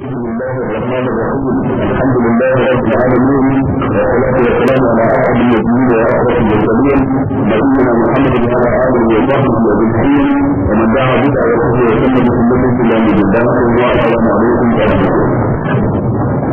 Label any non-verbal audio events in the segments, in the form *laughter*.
بسم الله الرحمن الرحيم الحمد لله رب العالمين والصلاة والسلام على أسعد النبيين وأشرف المرسلين نبينا محمد وعلى آله وصحبه أجمعين ومن دعا بدعوته وسلم بسنته إلى يوم الدين والسلام عليكم ورحمة الله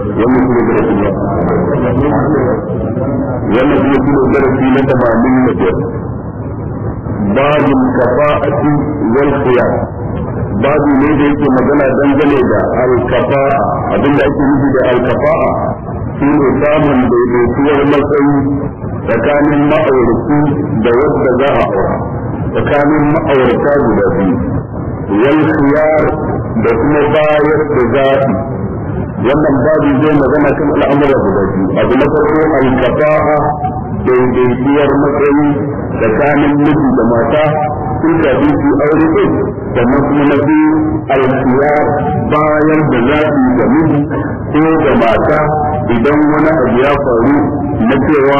wannan shi ne wannan shi ne kuma darasi na tamamin da biyar babin kafa'ati wal khiyar babu ne da yake magana dangane da alkafa'a abinda ake nufi da alkafa'a shi ne samun daidaituwar matsayi tsakanin ma'auratu da wadda za a aura tsakanin ma'aurata guda biyu wal khiyar da kuma bayar da zafi wannan babu zai magana kan al'amura guda biyu abu na farko al a daidaitiyar matsayi tsakanin miji da mata sun shafi su aure ɗin da kuma na biyu bayan da za su yi da miji ko da mata idan wani abu ya faru na cewa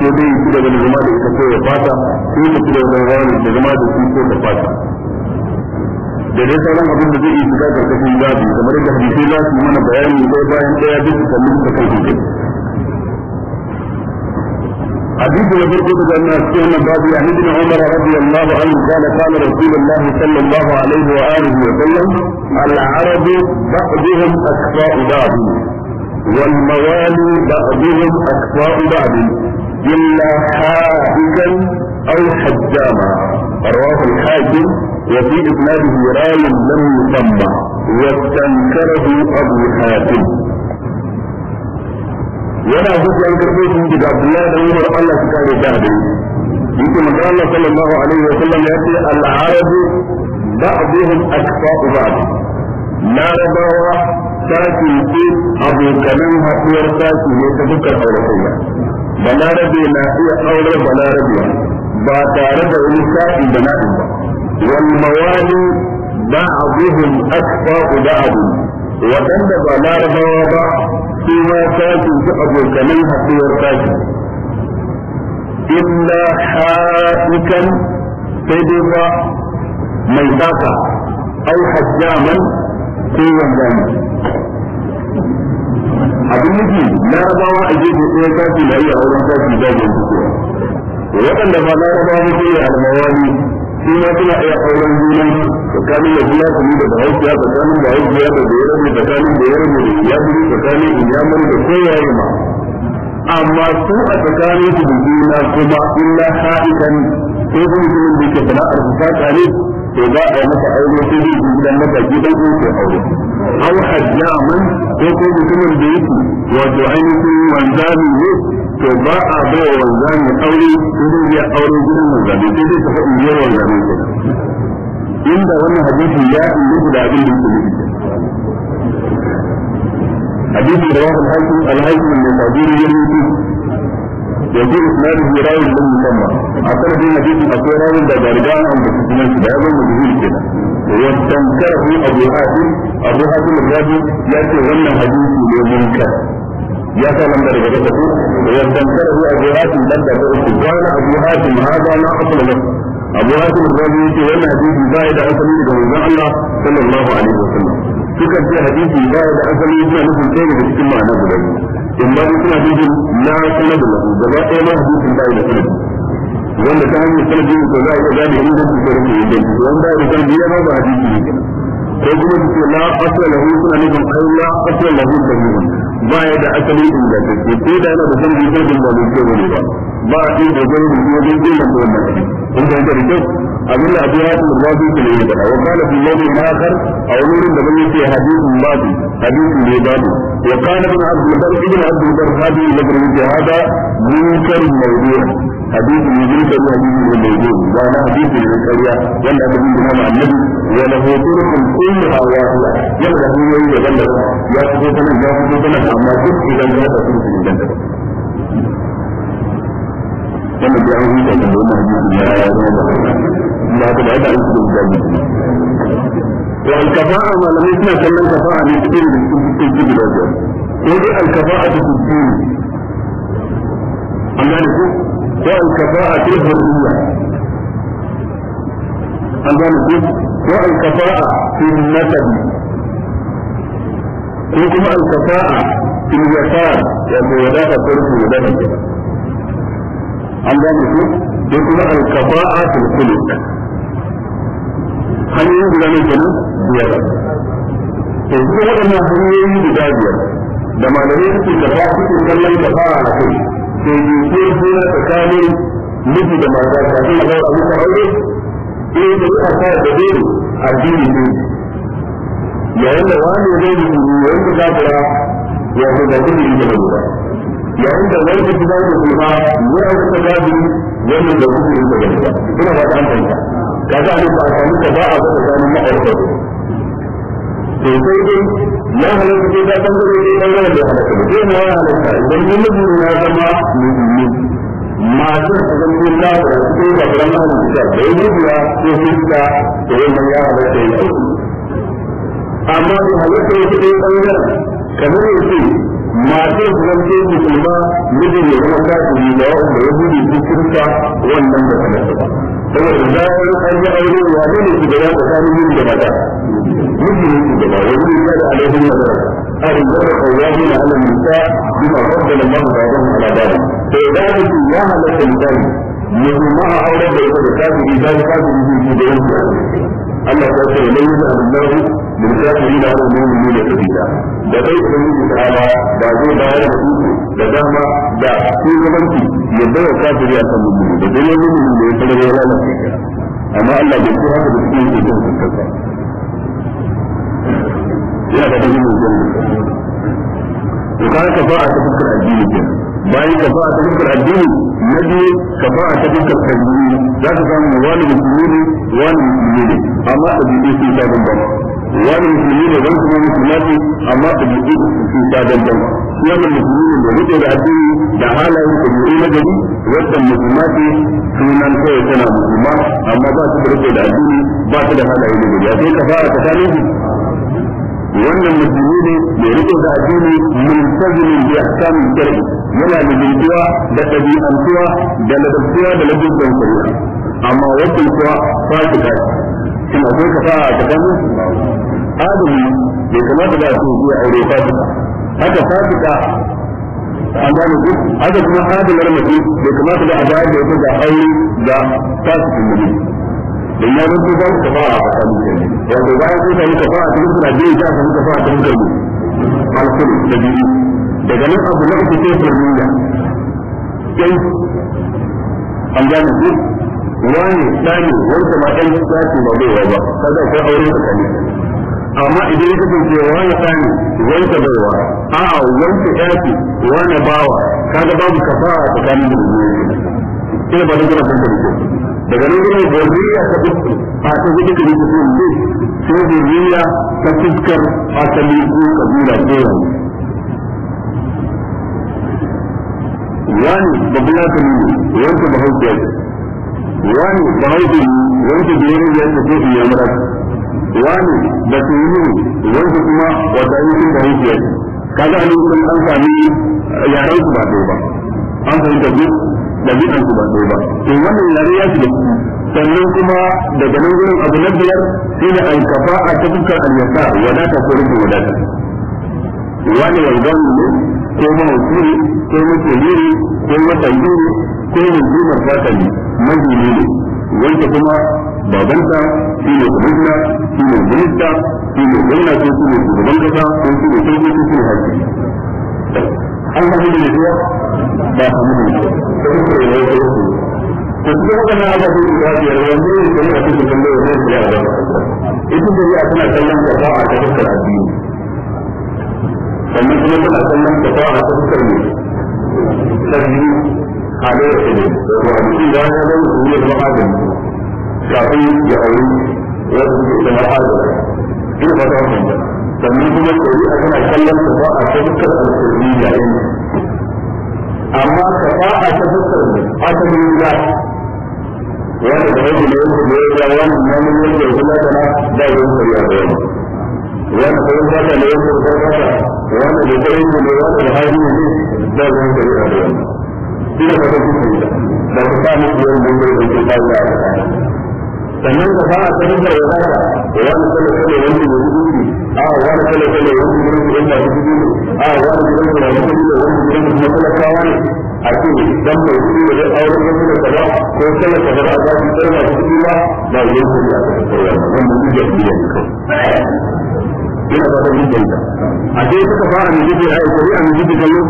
ko zai yi da zama da ita ko ya fata ko ya fi da wani da zama da su ko da fata da dai sauran abin da zai iya shiga karkashin gadi kamar da hadisi za su mana bayani ko bayan daya duk da mun kai حديث يقول قد أن أسكن باب عن ابن عمر رضي الله عنه قال قال رسول الله صلى الله عليه وآله وسلم العرب بعضهم أكفاء بعض والموالي بعضهم أكفاء بعض إلا حاجا أو حجاما رواه الحاكم وفي إسناده راي لم يسمى واستنكره أبو حاتم yana zuci an karɓo shi daga Abdullahi da Umar Allah su kare ta da yake manzo Allah sallallahu alaihi wa sallam ya ce al-arabu ba'dhum akfa'u ba'd larabawa sashi ce abokanan haɗuwar sashi ne ta dukkan auratayya balarabe na iya aurar balarabe ba tare da wani sa'i da na'in ba والموالي بعضهم أخطاء بعض وبند بلار بوابا فيما كان تحب كمنها في ورقاك إلا حائكا تدر ميتاكا أو حجاما في ورقاك abin nufi larabawa a jirgin ɗaya tafi na iya wurin tafi jirgin da kuwa waɗanda ba larabawa mutu ya almawani shi ma suna iya auren juna tsakanin da biya kuma da bahaushiya tsakanin bahaushiya da bayar ne tsakanin bayar ne da iyamuri tsakanin iyamuri da kowaye ma amma su a tsakanin su da juna kuma illa ha'ikan sai kuma mutumin da yake sana'ar su ta tare to za a yi masa aure sai dai gidan na baki dan ko ke aure aw hajjaman ko ko mutumin da yake wato ainihin wanzami ne to ba a bai wa wanzami aure idan ya aure gidan wanzami sai dai ta faɗin yau wanzami inda wannan hadisi ya inganta da abin da yake nufi hadisi da wahal hakim alhakim ne ta jiri yin nufi yanzu islamu ya rayu da musamman a karfin hadisi akwai rawun da garga an da sunan su da ya zama da zuwa kenan wasan karfi abu abu ya ce wannan hadisi ne munkar ya sa nan da daga da su ya dan karu a jiratin dan da su wannan abu ya ji ma da na asalin ne abu ya ji da ya ji wannan hadisi da ya da asali da manzon Allah sallallahu alaihi wasallam suka ji hadisi da ya da asali da nufin sai da cikin ma'ana guda ne in ba kuma hadisi na kuma da da ba sai ma hadisi da ya da wanda ta hanyar sanadi ne za a iya gane in da suke rufe yin jinki wanda ya rufe biya ba ba hadisi ne kai kuma suke la asalahu suna nufin kai la asalahu da yi wanda ba ya da asali ingantacce ko da yana da zargi ko da ba zai wani ba ba a cikin da zargi ko da zai yi ko da in da yake da kyau abin da abu ya kuma ba zai ke yi da wa kana fi yawmi akhar a wani wurin da bai ce hadisin su hadisin ne ba su kana ibn abdul bar da abdul bar hadisin da bai ce hada munkar mawdu'a حديث يجري كريا حديث الموجود ولا حديث الكريا ولا حديث الإمام النبي ولا هو طرق كلها واحدة يبدأ هو يتغلب يا سبحان يا سبحان ما كنت إذا لا تكون في الجنة كما جاءه في لا تبعد عن الجنة والكفاءة ما لم يسمع كلام كفاءة يكثير في الجبل الأجر الكفاءة في الدين أما والكفاءة الذرية أنزل الكفاءة في النسب وكما الكفاءة في اليسار يعني وداك الطرف وداك الجبل أنزل وكما الكفاءة في الخلق هل يوجد ne kenan biyar to duk waɗannan hanyoyi guda biyar da malamai suke kafa suke على kafa daidaituwar juna tsakanin miji da mata kafin a zama abin aure eh da a sa da dai addini ne yayin da wani zai yi yayin da zafira ya ko da kuma yi da lura yayin da wani da kuma da kuma ya ko da gadi wannan da kuma yi da lura ina ba ta amfani kaga ne ba ta ba a tsakanin ma'aurata to sai dai ya halatta ko ta san gare ne dan gare da halatta ko ne ya halatta idan ne miji ya zama mu'mini masu zambin da su ke da ran an da da yi biya ko su da to wannan ya halatta yake amma da halatta yake dan gare kamar yake masu zance musulma mijin ya zama kafiri da da ya gudu su kirka wannan da halatta ba saboda da yi aure ya ne shi da ya tsakanin yin da mata يجري الجبل ويجري كان عليهم نظرة الرجال قوامون على النساء بما فضل الله بعضهم على بعض فذلك يا هل الإنسان يهمها أولا بيتبقى إذا كان يجري الجبل Allah ta ce lai da Allah min kafiri da Allah min min da kabila da bai kun yi ta'ala da zai bayar da su da dama da su gabanci ya bayar kafiri a kan mummuni da dai mummuni da amma Allah bai kira da yana da dalilin mutum to ka ka ba a ta fuskar addini ke bayan ka ba a ta fuskar addini na biyu ka ba a ta fuskar kalmi za ka samu wani musulmi ne wani musulmi ne amma a bibi sun ta bambam wani musulmi ne wani kuma musulmi amma a bibi sun ta bambam shi wani musulmi ne da rike da addini da halayen kalmi na gari wannan musulmati sunan kawai tana musulma amma ba su da rike da addini ba su da halayen da gari a sai ka fara tsakanin wannan musulmi ne mai riƙe da addini multazimin bi ahkamin shar'i yana da jinkiwa da ɗabi'antuwa da ladabtuwa da ladabtan shari'a amma wannan kuwa fasika shin akwai fasaha a tsakanin adami bai kamata da su zuwa aure fasika haka fasika an gane ku haka kuma adalar mace bai kamata da a bayar da ita ga aure ga fasikin mutum dan ya zanto ba ka fara a kan kai wato bayan sai ka yi fara cikin suna biyu ta ka muka fara cikin kai alkuri da biyu daga nan abu na uku sai furniya kai an gane ku wani tsani wanda ma ɗan ya ba bai ba kaga ko aure tsakanin amma idan ya kasance wani tsani wanda baiwa a'a wani ya wani bawa kaga babu kafara tsakanin da ina ba da gina fahimta da daga nan gudun zuriya ta uku a ta da rufe sun ne sai ta fuskar asali ko kabila ko wani ya wanda ba hau biyar wani ba hau biyar wanda ya ya mara wani da su yi wanda kuma wata yi sun ba hau biyar kaga a nan an sami yaran su ba ba an sami duk dabi'an su ba ɗaya ba to wannan yare ya shiga ciki sannan kuma daga nan gurin abu na biyar shine alkafa'a ta fuskar alyasa wadata ko rubin wadata wani wanzan ne ko mahauci ko mutsiri ko matsayi ko hukumar fatali mahimmi ne wanda kuma babanta shi ne kwamishina shi ne minista shi ne gwamna ko shi ne shugaban kasa ko shi ne sarki ko shi ne hakimi an samu da yiwuwa ta a samu da yiwuwa to cikin haka na Allah zai iya biyar wanda ya shari'a ta cikin da ya shari'a ba ita shari'a tana kallon ka ba a ta fuskar sannan kuma tana kallon ka ba a ta fuskar ne sabbi halayyar ta ne to a cikin da ya zama ne ba adam kafin ya aure wanda ya zama adam ina ba ta wannan sannan kuma shari'a tana kallon ta ba a tabbatar da shari'a yayin amma ka ba a tabbatar da asalin da wani da wani ne da ya wani namun ne da kuma da na da wani shari'a da wani wani kuma da da ne da kuma da wani da gari ne da wani da hali ne da wani shari'a da wani shi ne da kuma da da kuma da wani da ya ga wani da ya ga wani sannan ka fara ta ya zaka wani kala kala wani da a wani kala kala wani da a wani kala kala wani da da ne a ce dan mai da zai aure kaza ko kala kaza ba za ki tsaya da ba ba yin ta da a ce suka fara a yi kuri a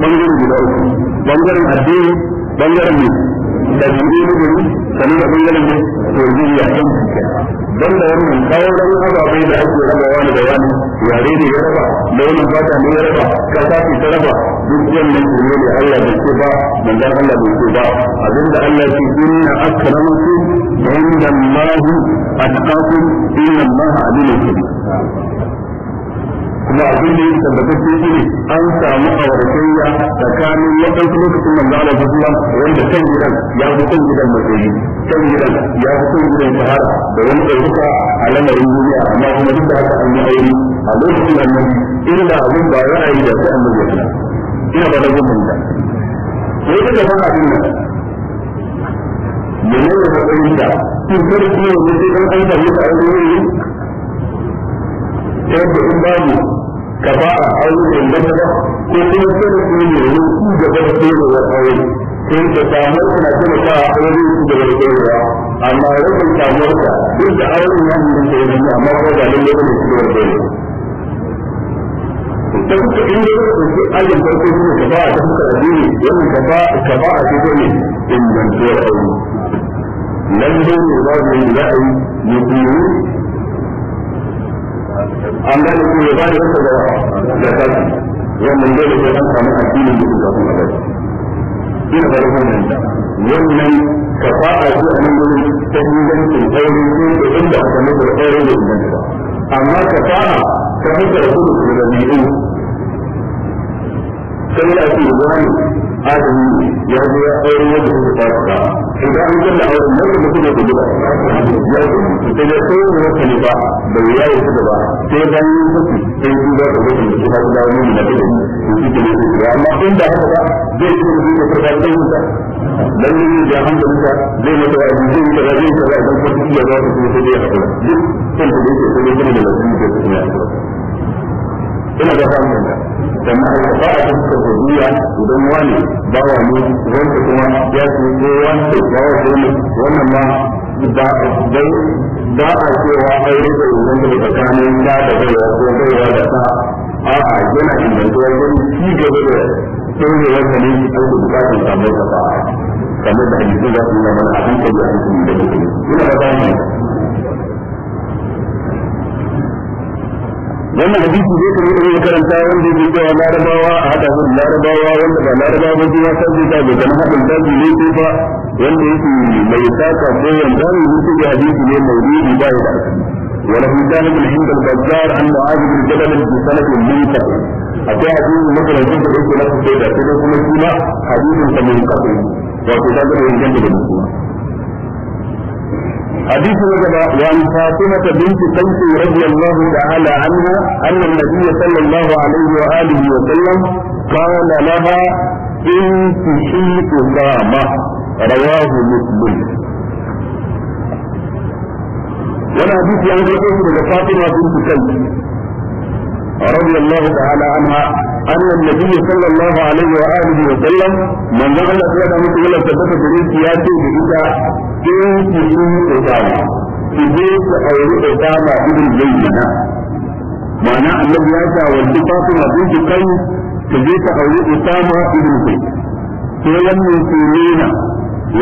bangaren guda uku bangaren addini bangaren mutum ɗabi'u na gari sannan da ɓangaren ne to zuriya don don da wannan sauran ababai da ake raba wani da wani yare ne ya raba launin fata ne ya raba kasa ce ta raba duk wannan shirme ne Allah bai ce ba manzon Allah bai ce ba abinda Allah ce inna akramakum inda Allah atqakum inna Allah alimun kabir kuma abin da yake tabbatacce shi ne an samu auratayya tsakanin kuma lokacin da Allah ya zuwa wanda kan gidan ya fi kan gidan matsayi kan gidan ya fi kan gidan shahara da wani dauka a lamarin duniya amma kuma duk da haka an yi aure a lokacin nan illa abin ba ra'ayi da sai annabi ya fara ina ba da gudun da sai ka ga abin nan menene matsayin da da kin kada ki yi wani dan aika mutane ne yadda in babu كفاءة أو المدرسة كل سنة من يوم جبل سنة وحول كل تسامر كنا كل ساعة حول جبل سنة أما يوم تسامر كل أول من من سنة أما رد على الجبل سنة تفك إن أجل تفك من كفاءة تفك أديني يوم كفاءة كفاءة تفك إن من سنة لم يكن الله من لا يكون an ga ku ya ba da kuka da da kai wannan dole sai an samu addinin da kuka kuma kai ina da wannan wannan ka fara shi a nan gurin ta ingancin aure ko da inda aka mutu aure da inganta amma ka fara ka mutu da kuka da biyu sai ya ce wani adami ya zo ya aure yadda suka fara ka idan an kalla aure nan da mutum ya ba ya zo sai ya da ya ne ba da ya yi suka ba sai dan yi suki sai shi da gudu da shi da mu da gudu to ne shi da amma in da haka zai yi gudu da fara da mu dan yi da hankali da zai mata da zai yi da zai ta da kuma shi ya zo da da sai ya hakura duk sai da yake sai da da lafiya ina da fahimta da ma'aikata a cikin kasuwa idan wani bawa ne wanda kuma ya ce ko wani ko bawa ne wannan ma da dai ba a cewa ai da wannan da tsakanin da da baiwa ko baiwa da ta a'a yana ingantuwa don ci gaba da sauye wanda ne ake bukatun samun kafa kamar da hadisi za su mana abin da ya fi da kuma ina da bayan wannan hadisi zai kuma irin karanta wanda ya zuwa larabawa a hada su larabawa wanda ba larabawa ba zuwa san zai tabi da haɗin daji ne ko ba wanda yake mai saka ko wanda ne mutu da hadisi ne mai rubi ba ya da وله جانب عند البزار عن معاذ بن جبل في سنة منقطع أتى حديث مثل الجنة التي لك السيدة كده كما حديث منقطع وكتاب حديث وجب وعن فاطمة بنت قيس رضي الله تعالى عنها أن النبي صلى الله عليه وآله وسلم قال لها إن تشيء طعامة رواه مسلم وانا حديث عن رسول فاطمة بنت قيس رضي الله تعالى عنها أن النبي صلى الله عليه وآله وسلم من نقل أسئلة مثل ولد تبقى بريد سياسي بإذا in ku so Obama ki je ku auri Obama ibn Zayyana ma'ana annabi ya ta wanda Fatima binti kai ki je ta auri Osama ibn Zayd to wannan sunna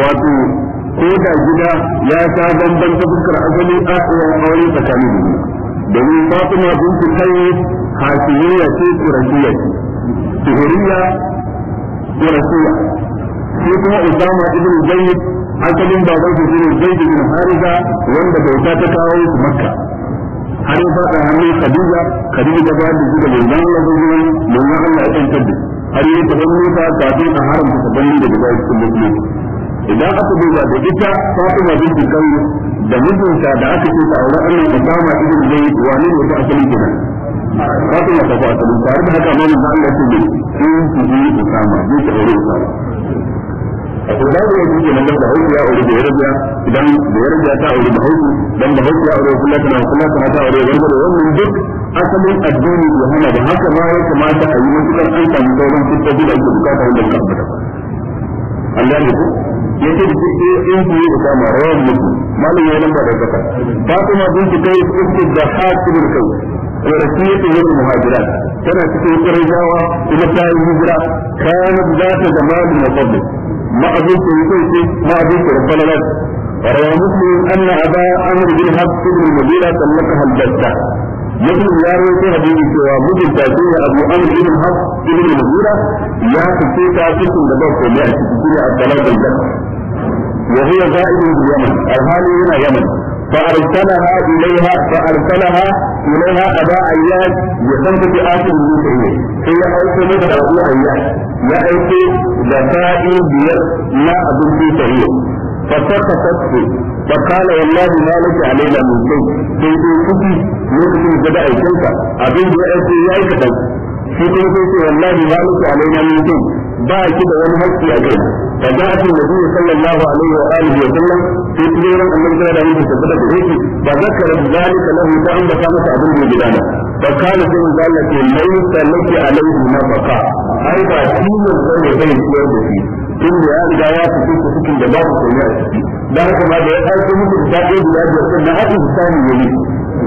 wato ko da gida ya sa bamban ta fuskar asali a aure tsakanin domin Fatima binti kai hasiliya ce kurasiya ce tuhuriya kurasiya shi kuma Osama ibn Zayd asalin baban su shine zaid bin harisa wanda bauta ta kawo su makka har ya fada hannun khadija khadija ta bayar da shi ga da Allah ko gurin manzon Allah ya tantar da har ya ta Musa kafin a haramta tabbani da daga cikin musulunci idan aka duba da ita Fatima binti Kawu da mijinta da aka ce ta aure Allah da kama ibn zai wani ne ta asalin kenan Fatima ta ba ta tare da haka manzon Allah ya ce in da yi Usama ku aure a babu wani yake nan da ya aure da ya rabiya idan da ya rabiya ta dan da hauki ya kula kana kula kana ta aure wanda da wannan duk asalin addini ya hana da haka ma ya kamata a yi wani kan an samu sauran fitobi da ake bukata wanda ba a Allah ne ku yake da duk eh, in ku da ma rawar mutu malum ya nan da kaka ba kuma bin ki kai ku da hasibul kai ورسيت والمهاجرات كانت في قرية وإلى الدار الهجرة كانت ذات زمان وفضل ما أبوك يسوك ما أبوك ربنا لك روى مسلم أن أبا أمر بن حفص بن المديرة طلقها البتة يقول يا رويت حديثي سوى مجد تاتيه أبو أمر بن حفص بن المديرة يا تسيك عفيك لبوك ويأتي تسيك الطلاق البتة وهي زائد من اليمن الحالي هنا يمن فأرسلها إليها فأرسلها إليها أبا أياس يسمى بآخر المسلمين هي أوكي مثل أبو أياس يا أيتي زكائي بيد لا أبن في سعيد فسقطت فقال والله ما لك علينا من شيء في أوكي يكتب بدأ الشركة أبن بأيتي يا أيتي في أوكي والله ما لك علينا من شيء ba ki da wani haƙƙi a kai da za a ce nabi sallallahu alaihi wa alihi wa sallam sai turorin annabi da da mutum tabbata da yake ba zakara zalika lahu ta an baka masa abin da gidana fa kana sai manzo Allah ce laysa laki alaihi nafaqa ai ba tilas bane bai ciyar da shi tun da ya riga ya fito ku cikin da babu koyi a ciki dan haka ma da ya aiko muku da dai da biyar sannan haka su samu yayi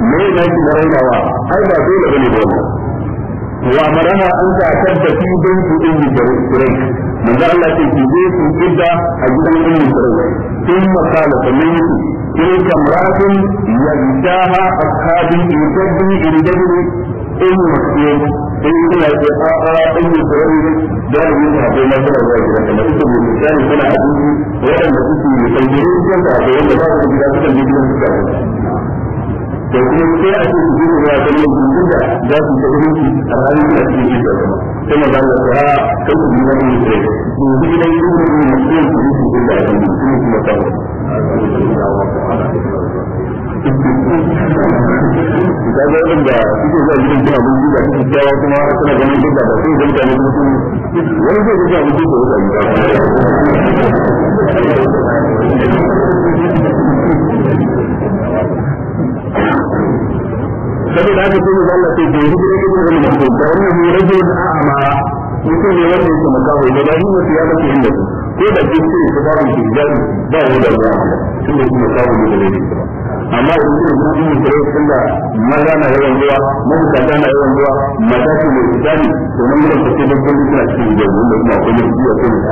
me ne ki da rainawa ai ba dole bane ba وأمرنا ان تعتد في بنت أم شريك من ذا الله في بيت إلا أجل أم شريك ثم قال فمنك تلك امرأة يغشاها أصحابي يكبني ان جبل أم مكتوب إن لا تقاء أم شريك دار منها بما ترى ذلك كما تكتب الإنسان فلا أدري وأن تكتب لتنجرين كما تكتب لتنجرين كما تكتب da kuma sai a ce su ji ruwa da yin da za su ta hukunci a ranar da ake yi da kuma sai ma za mu ta kan su nuna ne sai su ji gidan yin ruwa da yin dukkan da su ji su da yin yi da su ji su da yin dukkan da su ji da ga wanda suke da suke tsawa kuma suna ganin duk da su sai ga mutane kuma sun wani zai da wata gida saboda haka sai ga Allah sai da yi gidan da wannan rajulun a'ama mutum ne wanda yake da ba ni mutum ya bace ko da duk su su babu su da ba da ruwa tun da kuma samu da gare amma in da maza na yawan ruwa mabukata na yawan ruwa mata su mai tsari to nan mutum kake don kun suna cikin gidan wanda kuma a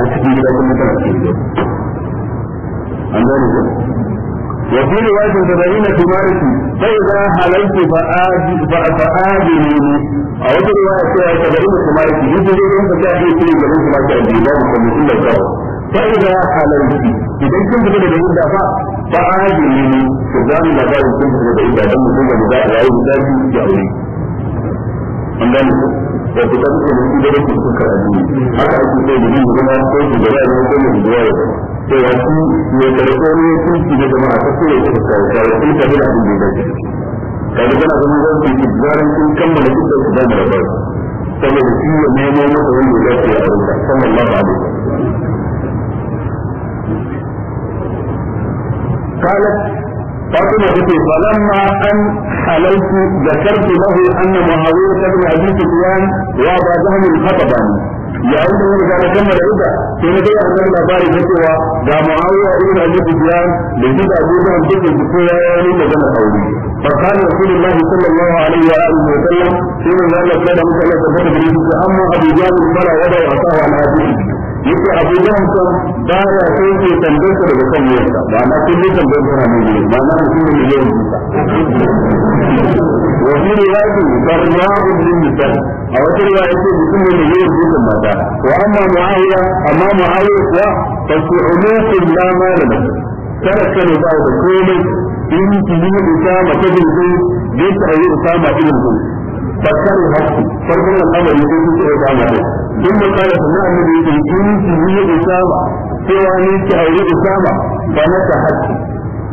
cikin gidan kuma tana cikin gidan an وفي رواية سبعين في فإذا حللت فآجلني أو في رواية سبعين في مالك يجب أن تكافي في مالك أجيبا فإذا عليه إذا كنت بدأ بإذا فا فعادي من سبحان الله كنت بدأ بإذا دم كنت بدأ رأيه ذاتي يأولي an gane ku da ku tafi da shi da yake suka rabu haka ake da yin gina ko ku da yaro ko ne da yaro to ya ku ne karko ne kun ki da jama'a ka ka kana ganin zan kun kammala ku da da rabu saboda shi ne ne ne da wanda ya ce a rubuta sallallahu alaihi wasallam قالت فاطمة تقول فلما أن حللت ذكرت له أن معاوية بن أبي سفيان وأبا جهل خطبني يا أنت من كان كم رأيك في مدية أن لا باري فتوى يا معاوية بن أبي سفيان لذيك أبو جهل تلك الفتوى يا أمين لجنة قولي فقال رسول الله صلى الله عليه وآله وسلم في من ذلك كان مثل أن تفتح أما أبي جهل فلا يدعو أطاه على أبيه yake abu da kan ba ya kai ke tambayar daga kan yadda ba na kullu tambayar ka ne ne ba na mutum ne ne wa fi riwayati da min nisan a wata riwaya ce mutum ne yawan ka mata wa amma muawiya amma muawiya kuwa fa su'ulukun la ma da mutum kada ba da komai in ki yi da ta da zai zai ta yi ba ilin zai bakar hakki farkon al'amari sai su ta usama ثم قال سمع النبي يقول لي أسامة سوى أن يتعوي أسامة فنكحت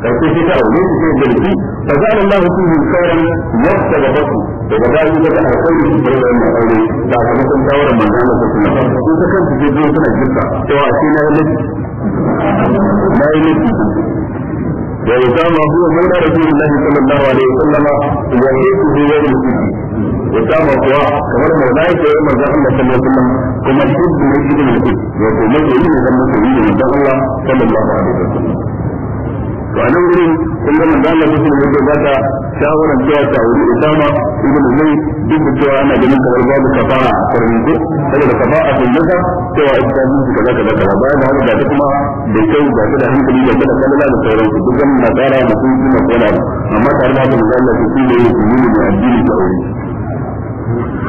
karfe shi ta aure shi sai garki fa zalla Allah fi khairan yasta da basu daga bayi daga alkhairi da wannan aure da kuma kun tawara manzon Allah sallallahu alaihi wasallam sai kan je je suna jinka cewa yi yi وأسامة هو مولى رسول الله صلى الله عليه وسلم وهيئته يوم الفتن Usama kuwa kamar maula ya ce manzo Allah sallallahu alaihi wasallam kuma hibbu ne ibn al-qud wato mazoyi ne zan musu yi ne dan Allah sallallahu alaihi wasallam to anan gurin kun ga manzo Allah sallallahu alaihi wasallam ya shawaran cewa ta wuri Usama ibn Zayd duk da cewa ana ganin kamar babu kafara a karin ko saboda kafara din da cewa ita mun su kaza kaza kaza bayan da haka da kuma da kai da da hankali da da kallala da sauransu duk wannan na tsara da sun kuma tsara amma tare da haka manzo Allah sallallahu alaihi wasallam ya yi addini da aure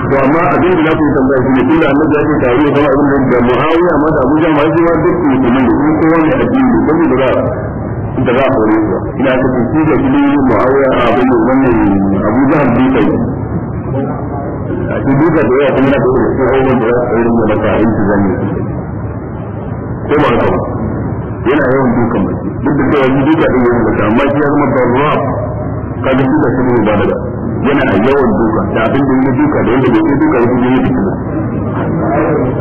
to amma abin da na ku tambaya shi ne tunda annabi ya ce tare da abin da da muawiya ma da abuja ma shi ma duk ne kuma da shi kowa ne addini kuma da da za a kore su ina ta kuci da gidan muawiya a abin da wannan abuja ne kai a cikin duka da yawa kuma na da shi hawan da ya yi da maka aiki zan yi ko ba ka yana yawan dukan mace duk da cewa duka din yana da amma shi ya zama da ruwa kaga duka shi ne ba daga yana a yawan duka da abin da yi duka da wanda bai yi duka wani yi duka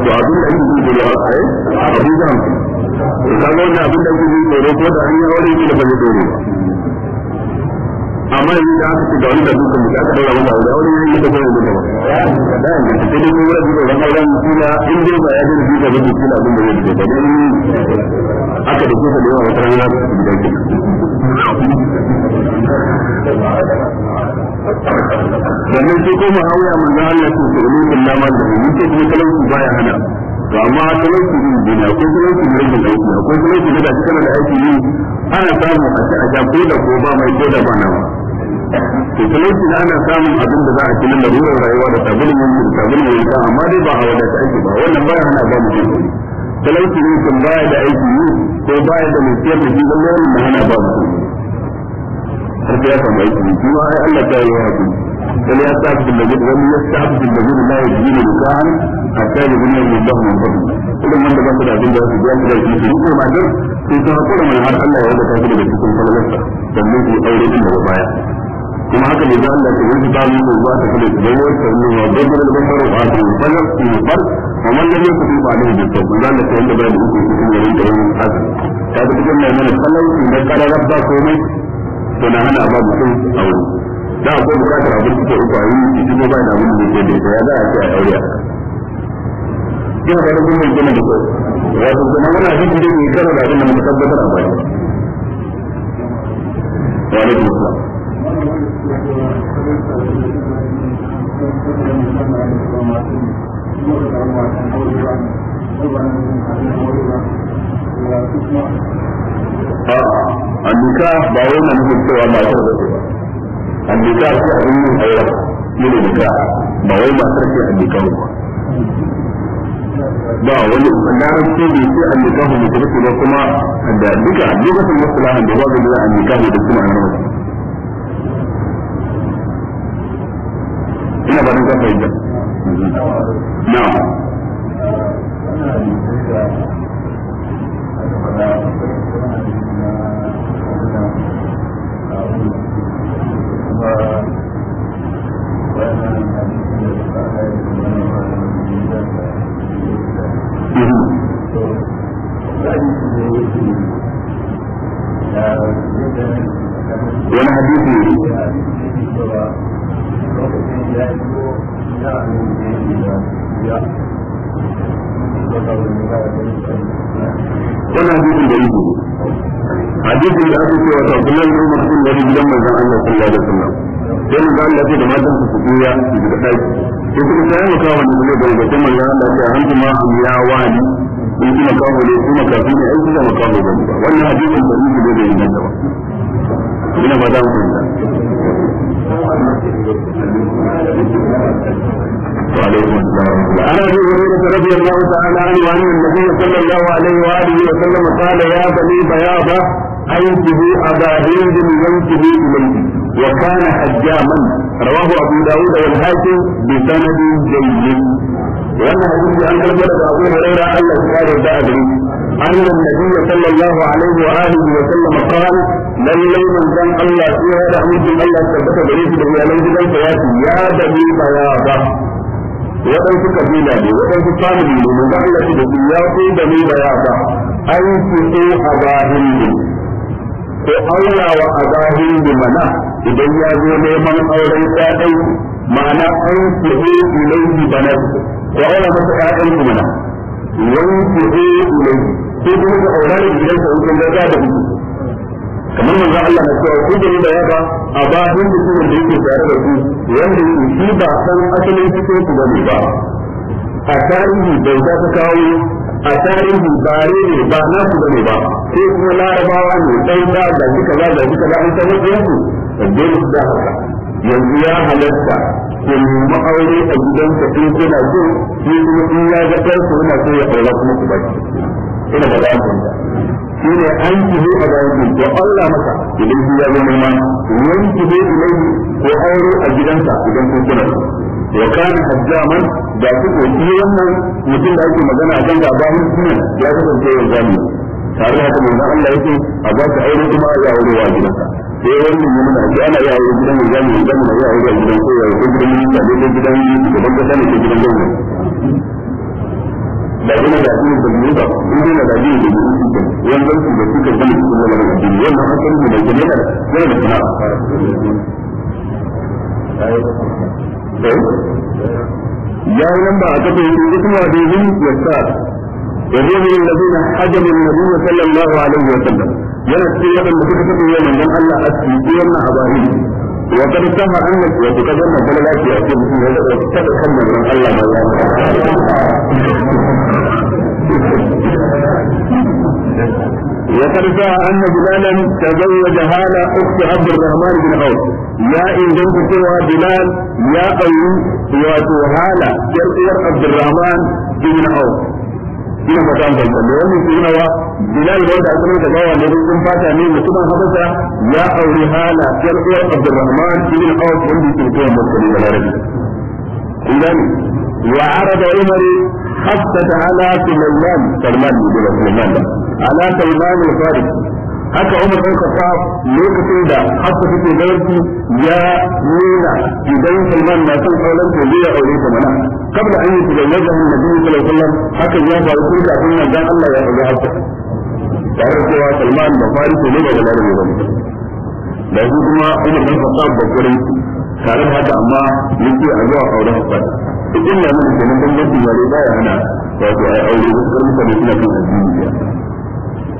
to abin da ake yi da yawa kai eh, abin da ka ga wannan abin da ake yi da da an yi aure da ba dore ba amma yanzu da aka ga wani da duka mu aka daura wani da. aure ne da kuma da kuma da yanzu da dai da wani auren kila in dai ba ya da duka ba kila abin da yake da dan aka da kuka da yawa wata rana da ke wannan sai ko mu hauya manzo Allah ko kullu billahi ma da yake kuma talauci baya hana to amma talauci ne gina ko talauci ne rage aiki ko talauci ne da shi kana da aiki ne ana samu a a ko da ko ba mai ko da ba nawa to ne ana samun abin da za a ci na larurar rayuwa da sabulin yanki da sabulin yanka amma dai ba a wadata aiki ba wannan baya hana ba mu jin talauci ne kan baya da aiki ne ko baya da mai siyar da shi lallai wannan hana ba mu har ya samu aiki ne kuma ai Allah ta yi wa hakuri فليستعبد الذين وليستعبد الذين لا يجدون نكاحا حتى يبني من الله من فضله كل من ده بس عايزين ده في جهه زي دي كل ما ده في تنقل من هر الله يوم تاكل بتكون فلوسه تنمي في اول دين وبايا كما هكا اللي قال لك وانت من الله تكل الزوج فإنه يضرب البشر وعاد الفجر في الفرق ومن لم يكتب عليه بالتوبه قال لك وانت بقى ممكن تكون وليد وين حسن هذا تجمع من الخلل ان ده قال ربك ومن فانا هنا ابا بكم او da akwai bukatar abin da ke ukwari a yi shi kuma da abin da ke da ita ya za a ce a aure a ina ga dukkan gina da ko wato kuma muna jin jin ne kana da abin da muka tabbatar a baya wa alaikum assalam ah, a duka ba wai na nufin cewa ba annika ko abin yin aure yana nika ba wai matar ce annika ba ba wani larabci bai ce annika ko mutum ba kuma da duka duka sun masalahan da wanda da annika ko da kuma annabi ina ba ka fahimta na Thank you. wani hadisi ne wannan hadisin da ido hadisin da aka cewa ta kullum ne mutum da gidan manzon Allah sallallahu alaihi wasallam sai manzon Allah ce da matan su su ya su da daki sai kuma sai mu kawo wannan ne da mutum manzon Allah ce an kuma ya wani in kuma kawo ne kuma kafin ne ai kuma kawo ne wannan hadisin da ido da bai nan ba ina ba za mu fahimta عن ابي هريره رضي الله تعالى عنه ان النبي صلى الله عليه واله وسلم قال يا بني بياضه انتهي ابا هند ينتهي اليه وكان حجاما رواه ابو داود والحاكم بسند جيد وانا حديث عن ابو هريره الله تعالى بعد أن النبي صلى الله عليه وآله وسلم قال لن يوم كان الله فيها رحمة الله ثبت بريد بن عليه ذلك يا بني بياضة waɗansu kabila ne waɗansu family ne mun ga Allah da ya ko da mai da ya ba an ki so a zahin ne ko Allah wa a ne mana idan ya zo neman auren ƴaƴan ma'ana an ki so ilaihi bana ko Allah masa ku mana ko da gidan ka da ku kamar za Allah na cewa ku gani da yaba a ba da su da yake tare da ku wanda yake shi ba san asalin cikin ku bane ba a tarihi bai ta kawo a tarihi bare ne ba na su bane ba sai kuma larabawa ne dai da da duka da da duka da an san wajen ku da su da haka yanzu ya halatta kun mu aure a ka in kuna so shi kuma in ya ga yana so ya kalla kuma ku baki ina ba za ku shi ne an a bayan ko Allah maka idan shi ya wani ilai ko aure a gidansa idan kun kuna ya kana hajjaman da su ko wannan mutum da ake magana a kan da bayan kuma ya ya zami tare da haka Allah yake a ba ka aure kuma ya aure wa gidansa sai wannan ya mun shi ana ya aure gidan ya aure gidan ya aure gidan ya aure ya aure gidan ya aure gidan ya aure gidan ya aure gidan ya aure gidan ya aure ya aure ya aure ya ya aure ya aure aure ya aure aure ya gidan ya aure ya aure ya aure gidan ya aure ya aure aure gidan ya ya aure gidan ya ya aure gidan ya ba yana da shi da biyu ba in yana da biyu eh? da biyu cikin wanda su da suka gani su da wani addini wannan da ke nuna yana da kuma ya yi nan ba a kafa yin hikima da yin yasta يقول الذين حجموا النبي صلى الله عليه وسلم ينسي يدن بكتبه يوم من الله أسفل يوم أباهيه وقد سمع أن وتقدم أن لا يأتي بسم الله وتتكلم من الله وقد جاء أن بلالا تزوج هالة أخت عبد الرحمن بن عوف يا إن جنت سوى بلال يا سوى هالة جرير عبد الرحمن بن عوف ina fata an fahimta da wannan ke nawa bilal wanda aka da gawa ne sun fata ne mutumin habasha ya aure hala yar uwar abdurrahman ibn auf wanda yake mutumin musulmi da larabi idan wa arada umar hatta ala sulaiman salman ibn sulaiman ala salman al-farisi haka umar ɗan kafa lokacin da haka suke garki ya nuna idan salman na son sauran ta zai aure ta mana kabla an yi tuga yadda hannun nabi sallallahu alaihi wasallam hakan ya faru sun da sun nan dan Allah ya faɗi haka tare da cewa salman da farisi ne ba da larabi ba da su kuma umar ɗan kafa ba kurin tare da haka amma ce a zuwa auren haka duk inda mun nan dan yadda ya ba ya hana wato ai aure da kuma mutane suna kan addini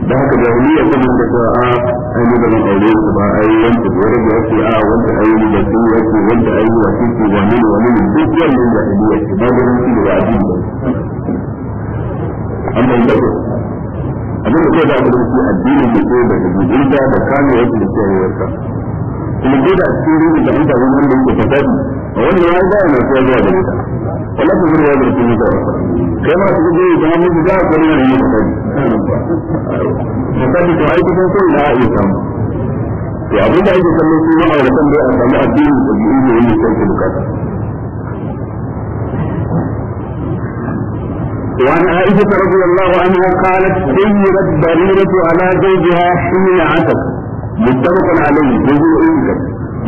da haka jahiliya ta nuna cewa a ah, ai ne ban aure su ba ai wanda da rage yake a ah, wanda yi ne da su yake wanda yi wa kike wani ne wani ne duk wannan jahiliya ce ba da shi da addini ba amma da ko abin da da da da da لقد أسيري بحيث أقول من لك تتابي أقول لي هذا أنا أسيري بحيث أقول لك ولا تقول لي هذا أسيري بحيث كما تقول لي كما من لك أقول لي هذا أسيري فتابي تعايد بحيث لا يسام في أبدا إذا سمي سيما أولا تنبع أن أنا أدين أجيئين من لك أسيري بحيث وعن عائشة رضي الله عنها قالت سيرت بريرة على زوجها حين عتبت متفق عليه جزء انكر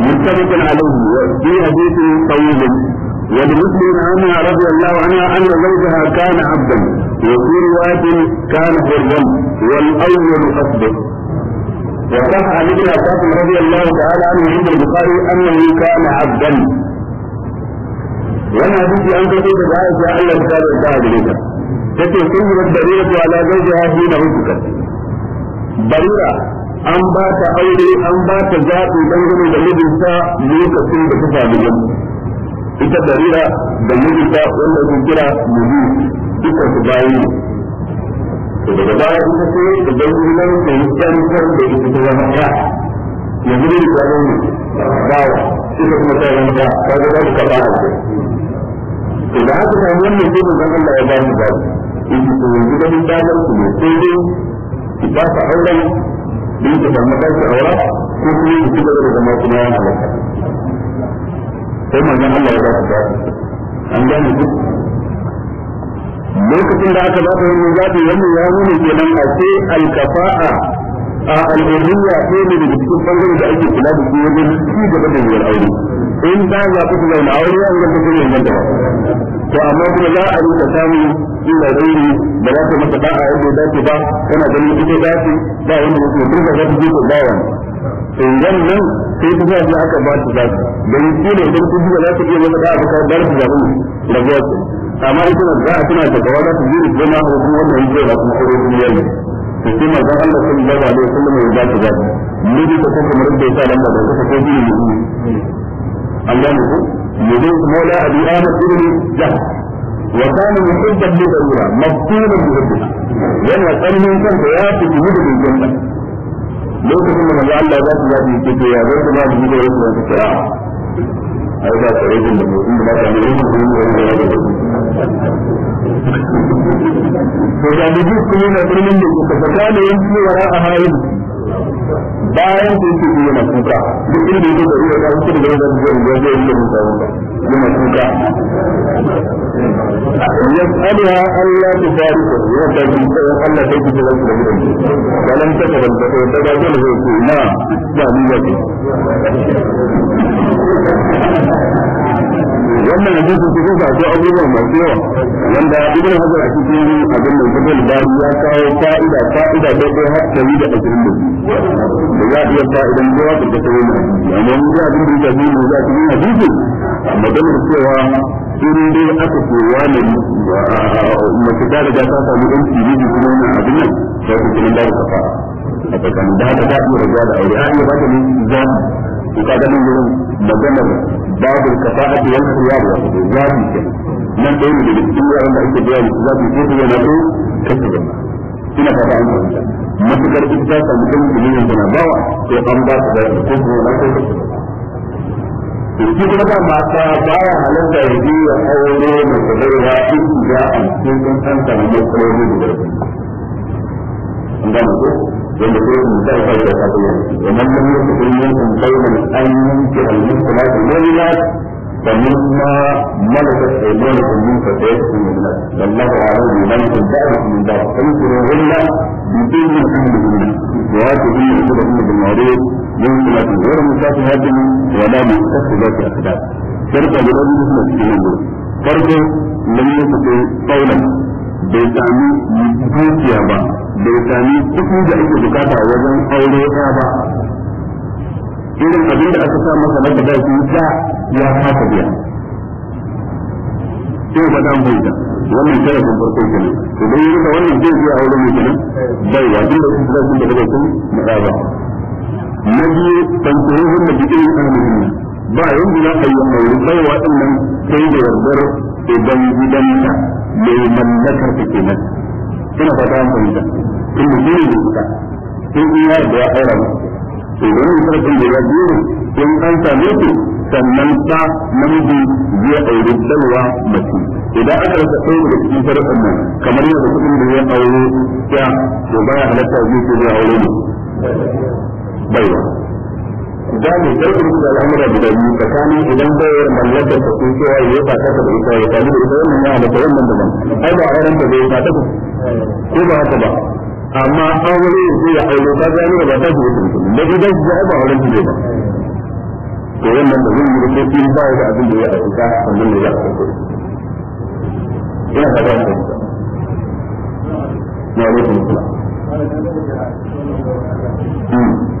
متفق عليه في حديث طويل ولمسلم عنها رضي الله عنها ان زوجها كان عبدا وفي روايه كان حرا والاول اصدق وصح عن ابن عباس رضي الله تعالى عنه عند البخاري انه كان عبدا وانا حديث ان تقول بعائشه الا لم الدعاء عبدا تتي سلمت على زوجها حين هتكت بريرة an ba ta aure an ba ta zaɓi dangane da mijinta lokacin da ta sami yau ita darira da mijinta wanda sun kira muzi dukkan su bayi to daga baya ita ce da dangunan da yi tsantar da ita ta zama ya Da yanzu ne ta wa shi ta kuma ta zama ba ta zama ta ba to da haka ta wannan gudun zan Allah ya ba mu ba in ji to yanzu ganin damar ku ne sai dai ki ba ta auren don ka samu ɗaki aura ko kuma ya ci gaba da zama kuma ya halaka sai manzon Allah ya ba su zaɓi an gane ku lokacin da aka ba ta wani zaɓi wannan ya nuna kenan a ce alkafa'a a al'ummiya ko ne daga cikin bangare da ake kula da su wajen ci gaba da yiwuwar aure in da za ku aure an ga mutum ne nan da to amma kuma za a rika samu ina rauni da za ta masa da'a yadda ya dace ba kana ganin ita dace ba wanda ya ce duka za ta je ko ba to idan nan sai ta zaɓi aka ba ta zaɓi don shi ne idan ku duka za ta je masa da'a ba ka ba ta zaɓi rabuwa ce amma ita za a tuna da gawa za ta je da a wajen wannan kuma to sai manzon Allah sallallahu alaihi wasallam ya ba ta zabi ne da kuma kamar da ya lamba da suka ko bi ne Allah ne ko ne mola abi ahmad ibn jah wa kana muhibban li dawra mabtulan bi yana tsarin kan da ya fi mu da janna lokacin da manzon Allah ya ba ta zabi ke ya zan ta mu da rabbina ta ai da tsarin da mu da ba ta mu da to da duk kuma na birnin da kuka fata da yanzu wara a halin bayan da yake yana kuka duk inda yake da da da da kuka yana ta bari ko na ya ce wannan yanzu a ya kawo fa'ida fa'ida da za a iya ba idan kowa ta kasa wani amma mun ga abin da ya shafi mu za a cikin hadisi maganar cewa in dai aka ce wani mace ta riga ta samu ɗan tiri kuma wani abin nan za ku kuma da kafa a tsakanin da haka za a iya da aure a iya ba ta ne zaɓi to ka ganin wurin maganar babu kafa'a da yanka yawa zaɓi nan ɗaya ne daga cikin yaran da ake biya musu zaɓi ko su yana ko kasa zama ina fata an fahimta matukar ita ta samu kan ilimin bawa sai an ba su da ko kuma na ko to shi kuma ba ma ta baya halatta ya ji ya aure mai kadarwa in ga an cikin da ƙarfi an wanda ko فمما ملكت ايمانكم من فتياتكم الناس والله اعلم بملكم دعوه من دار فانكروهن بدون اهلهن واتهن اجرهن بالمعروف ممكن غير مسافهات ولا مستخدمات اخلاق شركه بغير مثل السنين فرقه لم يكن قولا bai sami dukiya ba bai sami kuɗi da ake bukata wajen aure ba irin abin da aka samu masa na da shi da ya haka biya sai ba dan bai da wannan tarafin farko kenan to dai yana wannan zai iya aure ne kenan bai wa duk da su da su da ba su ba na biyu dan tsoron da bikin amin ba yanzu na ayi aure bai wa din nan sai da yardar idan gidanta mai mallakar ta kenan ina fata an fahimta in mutum ne ta sai in ya da ya aura masa to wannan sarrafin da ya biyu in an same su sannan ta namiji zai aure dalwa mace idan aka rasa ɗaya daga cikin sarrafin nan kamar yadda kuɗin da zai aure ya to ya halatta zai ce zai aure ne da ne ɗaukar da al'amura guda tsakanin idan bayar mallakar ta sun cewa ya yi fata da ita ya sami da ita wannan ya halatta wannan daban ai ba auren da zai fata ko ba haka ba amma aure zai ya aure ba ga ne ba ta ji mutum da gidan da ba auren ne ba to wannan da zai yi da shi ba da abin da ya aika sannan ne ya a ina da ta ya ne kuma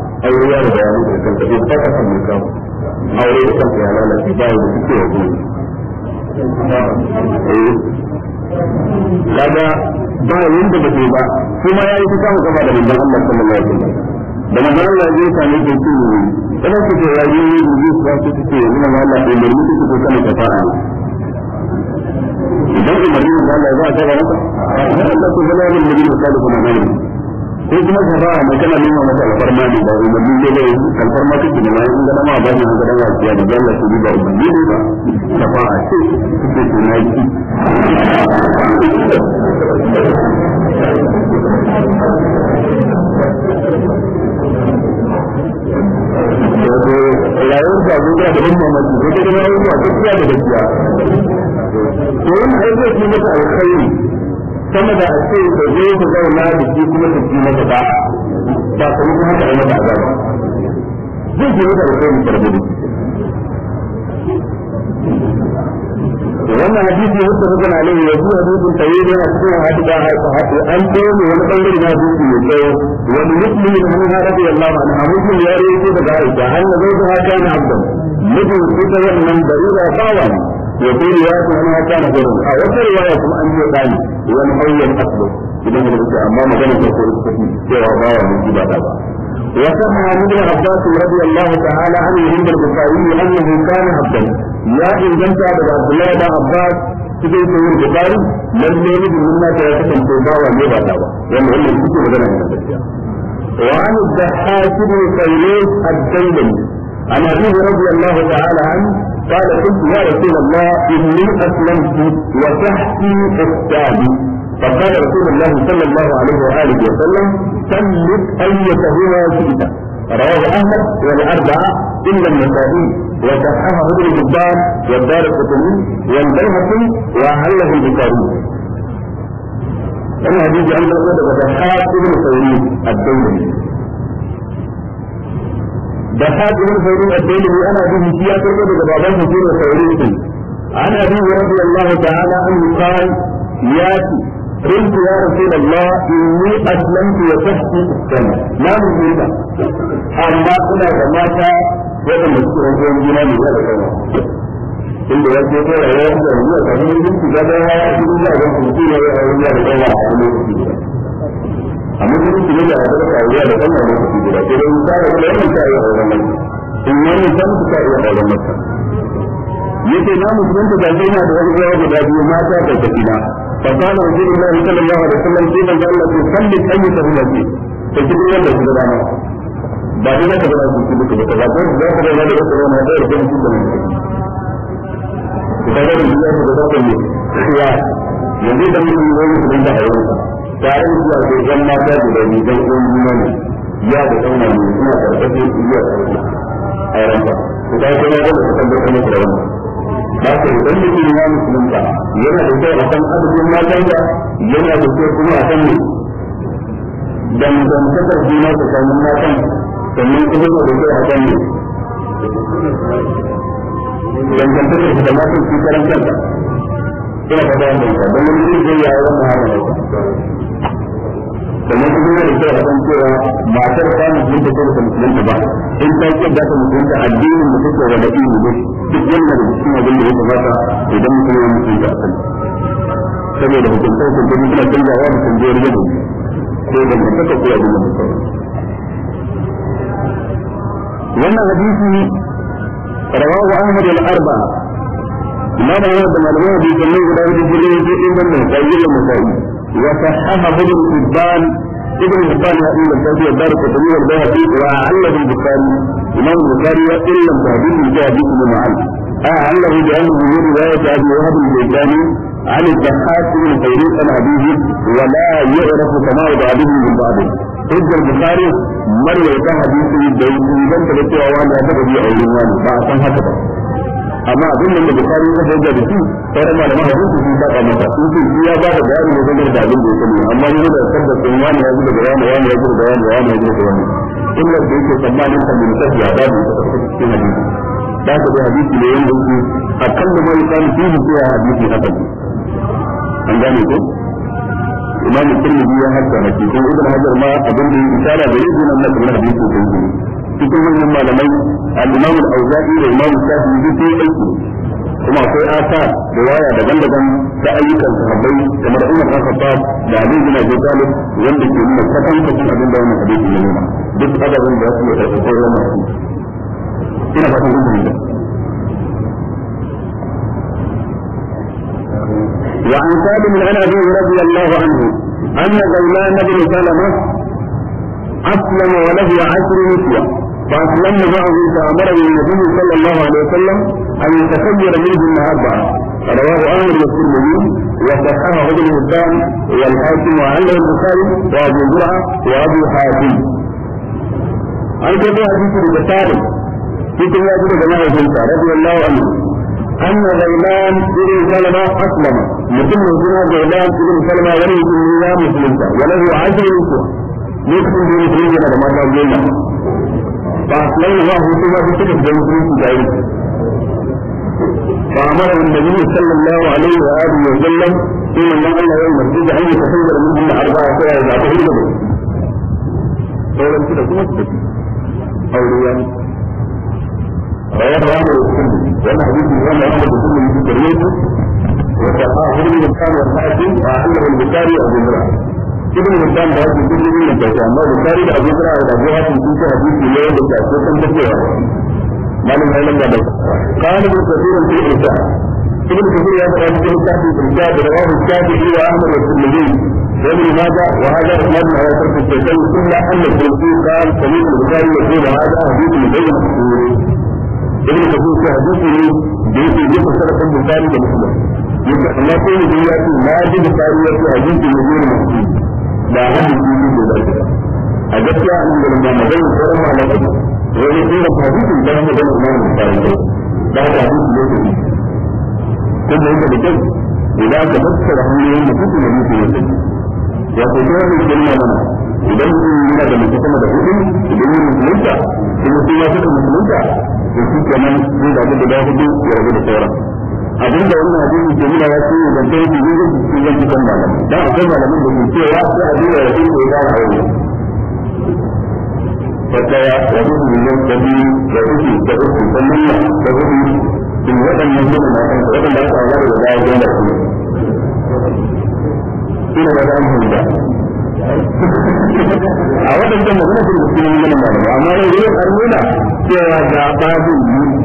aure ya riga ya mutu da kanta ko ta ka mai kamu aure da kanta ya lalace ba ya da suke wa gobe eh, kaga ba yanda ba ba kuma ya ta kama kama da manzon Allah sallallahu alaihi da manzon Allah ya yi da shi ne kada ku ce ya yi ne ne ba ku ce ne na Allah da mai mutu ko kana ta fara idan umarni da Allah ya ba ta ga ta Allah ko zama da mutum da ta nan ko kuma ka ba mai kana nuna masa alfarma ne ba umarni ne ba alfarma kake ne ba in ga dama ba ne ga dama ya da Allah su ba umarni ne ba da ba ce ce ce na yi wato rayuwar da zuwa da ban mamaki ko da rayuwar da gaskiya da gaskiya to yin aiki ne mata alkhairi sama da ake da zo ku zauna da shi kuma su ji masa ba ba haka da mata azaba zai ji masa wannan hadisi ne da kuka ya zuwa hadisin tayyib yana cikin hadisi da haka haka an dole wani bangare na hadisi ne sai wani muslimi ne mun da Allah an hamusin ya rawaito daga annabi da haka ne abdan mutum wannan وفي رواية أنها كان غيره أو وفي رواية أن يقال والحي أكبر إذا ما قلت أما ما كان يقول سوى الله من جبا دابا وسمع ابن عباس رضي الله تعالى عنه عند البخاري أنه كان عبدا يا إن جنت عبد الله بن عباس cikin sayar da bari lalle ne mun na ta kasance ba wa ne ba ta ba wanda wannan kuke magana ne gaskiya wa an da hasibul khairat ad-dailami عن أبيه رضي الله تعالى عنه قال قلت يا رسول الله إني أسلمت وتحتي أختاني فقال رسول الله صلى الله عليه وآله وسلم سلك أيتهما شئت رواه أحمد والأربعة إلا النسائي وصححه ابن حبان والدار القطني والبيهقي وعله البخاري أنا هذه عند الأولى وصححه ابن سعيد الدولي da fadirin sauri a dailihi ana bin shi ya karɓo daga baban hukun da sauri yake an abi rabbi allah ta'ala an yuqal ya ci قلت يا رسول الله إني أسلمت وتحت السنة ما من جيدا أما كنا جماعة وأن السورة جون جينا ya هذا الكلام inda ya ce ko ya yi da ruwa kamar a shiga da ya yi da ruwa da kuma ya yi da ruwa a lokaci amma kuma su ne da ya zama da wannan lokaci guda sai dai ta yi da yi ta yi a wannan in wannan ta mutu ta yi a wannan mata yake na musulunta da zai na da wani zuwa guda biyu mata da kafina فقال رسول الله صلى الله عليه وسلم في من a لك سلك اي سبيل فيه فكتب لك في زمانه بعد ذلك بلا تكتب لك بتغادر لا تبغى لا تبغى تبغى هذا يكون في زمانه تبغى الجهاد تبغى تبغى يزيد من الوزن في الجهاد tare da zuwa zan mata da da rigan ɗan ne ya da ɗauna ne suna iya a ku ta kuma gaba su da ba ka musulunta yana da kyau a san da yana da kyau kuma a san ne juna sannan kuma da kyau a san ne da su wannan yi sannan kuma yana da kyau a san cewa matar ta musulunta ko ta musulunta ba in ta ce za ta musulunta addinin da take wa da ilimi ne duk wannan da cikin abin da ya kamata idan mutum ya musulunta a kan saboda hukuntar hukuntar suna canzawa da canjiyar yanayi ko da mutaka ko abin da mutum wannan hadisi rawahu ahmad al-arba'a imam ahmad da malamai da jami'in guda da jirgin jirgin da musayi da musayi وصححه ابن حبان ابن حبان وابن الجوزي والدار القطري والبيهقي وأعلى بالبخاري امام البخاري إن لم تهديد الجاهدي بن معل اعله بانه من روايه ابي وهب الجيلاني عن الضحاك من خيرين عن ابيه ولا يعرف كما بعده من بعده حجة البخاري من يتهدي في الجيل إذا أنت بتوع وانا هذا بدي أولي وانا بعد هكذا amma abin da bukari ya fahimta da shi sauran malaman hadisi sun saka masa sun ce shi ya ba da bayani ne zangar da abin da ya sani amma ni da sabda sun wani ya ji da bayani ya ji da bayani ya ji da bayani illa da yake tsammanin kan bin ya ba da ta ne da ka da hadisi ne yanda yake akalla kan yakan fi zuwa hadisi na kan an gane ko imam turmudi ya hadda ne ko ibn hajar ma abin da ya isara da yake nan na hadisi ne cikin manyan malamai al-Imam al-Auza'i da Imam Shafi'i duk aiki kuma akwai asa da waya daban-daban da ayyukan sahabbai kamar Umar bin Khattab da Ali bin Abi Talib wanda ke nuna kasan kasan abin da wannan hadisi nuna duk adabin da ina fatan kun fahimta وعن سالم رضي الله عنه ان غيلان بن سلمه اسلم وله عشر نسوه فأسلم معه فأمر النبي صلى الله عليه وسلم أن يتخير منهم أربعة رواه أحمد والترمذي وصححه ابن حبان والحاكم وعله البخاري وأبو زرعة وأبو حاتم. عن تبع حديث البخاري في كل هذه الجماعة رضي الله عنه أن غيلان بن سلمة أسلم مسلم بن غيلان بن سلمة وليه من مسلم وله عشر نسوة يكتب بمسلمين هذا ما شاء الله فأصلين الله هو بسبب جمهورية جاهلية فأمره النبي صلى الله عليه وآله وسلم إن الله لا يمسجد أن يتصور منهن أربعة سواء إذا تهيئ فولم كده تمسك أولياء رواه عمر السلمي وأنا حديث الإمام أحمد السلمي في الترمذي وصححه ابن الحسن والحاكم وأعلمه البخاري وابن ibn Hibban da wasu duk yin da kyauta amma Bukhari da Abu Hurairah da Abu Hatim sun ce hadisi ne wanda ke ko san tafiya malum ya nan da qala ibn kathir fi al ibn kathir ya fara cikin tafi da da rawahu shafi'i wa ahmad wa tirmidhi وابن ماجه وهذا اسناد على ترك الشيخين الا ان الشيخين قال سميع البخاري يقول هذا حديث مبين ابن كثير في حديثه بيقول يقول سلف البخاري ومسلم يقول الله كل ما في حديث مبين مسلم ba hannun jini da ba a gaskiya an gani ba magana sauran malamai wani tsira hadisin da na magana imam bukari ne ba da hadisin ne kuma yadda da kyau idan ka fassara hanyoyin da kuka yi ne sai ya ko da wani girma mana idan yana da mutum sama da hudu idan yin musulunta kuma sai ya fita musulunta to shi kenan zai zaɓi guda hudu ya rabu da sauran abin da wannan hadisi ke nuna wasu da dai da yin su yin su kan malam da akwai malamin da ke cewa sai a duba da yin da ya aure fataya da rubu miliyan da biyu da uku da da miliyan da kan da ya ina da da a waɗancan magana su rubutu ne ganin malami amma yau A an nuna cewa da babu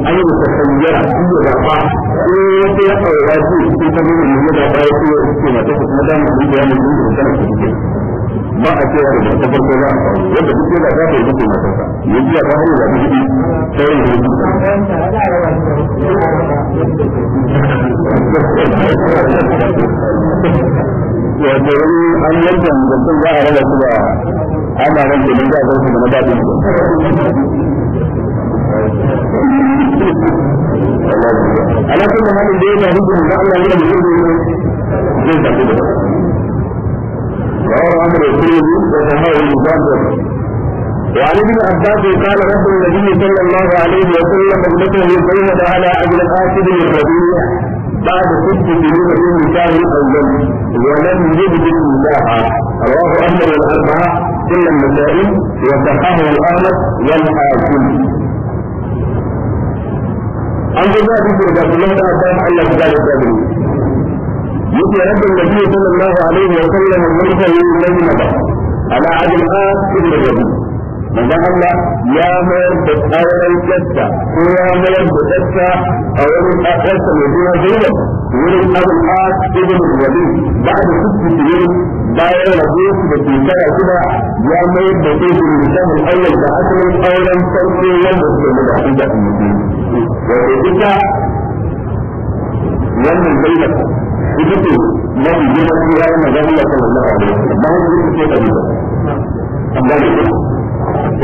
an yi wata kanyara su da ba ko eh, wata ya ɗaura su su ta nuna ne da ba ya ce ya ce mata su kuma da yanar da su ba a cewa da ta farko ba wanda duk ka da *laughs* يعني أن هذه من أعلى إلى من دين جزء كده وعلى ابن عباس قال رسول النبي صلى الله عليه وسلم ابنته يقول على أجل الآسد الرضيع بعد ست سنين في نكاح الجن ولم يجد النكاح رواه احمد الاربعه كل المسائل وفقه الاهل والحاكم عن جزاء عبد الله بن عباس ان لم ذلك ابن مثل رد النبي صلى الله عليه وسلم الملك من بين على عبد الله بن جبريل manzon Allah ya mayar da auren gatta ko ya mayar da gatta a wurin ɗaɗarsa mai zuwa zuwa wurin abin a ibn wali ba da sukku biyu bayan rabu su da shekara shida ya mayar da zai zuru misalin auren da asalin auren farko wanda suke da ɗaɗin da mutum wato ita wannan zainab ita ce mafi girman tsira na zama ya kan wani aure ba wani ita ce ɗabi'a amma ne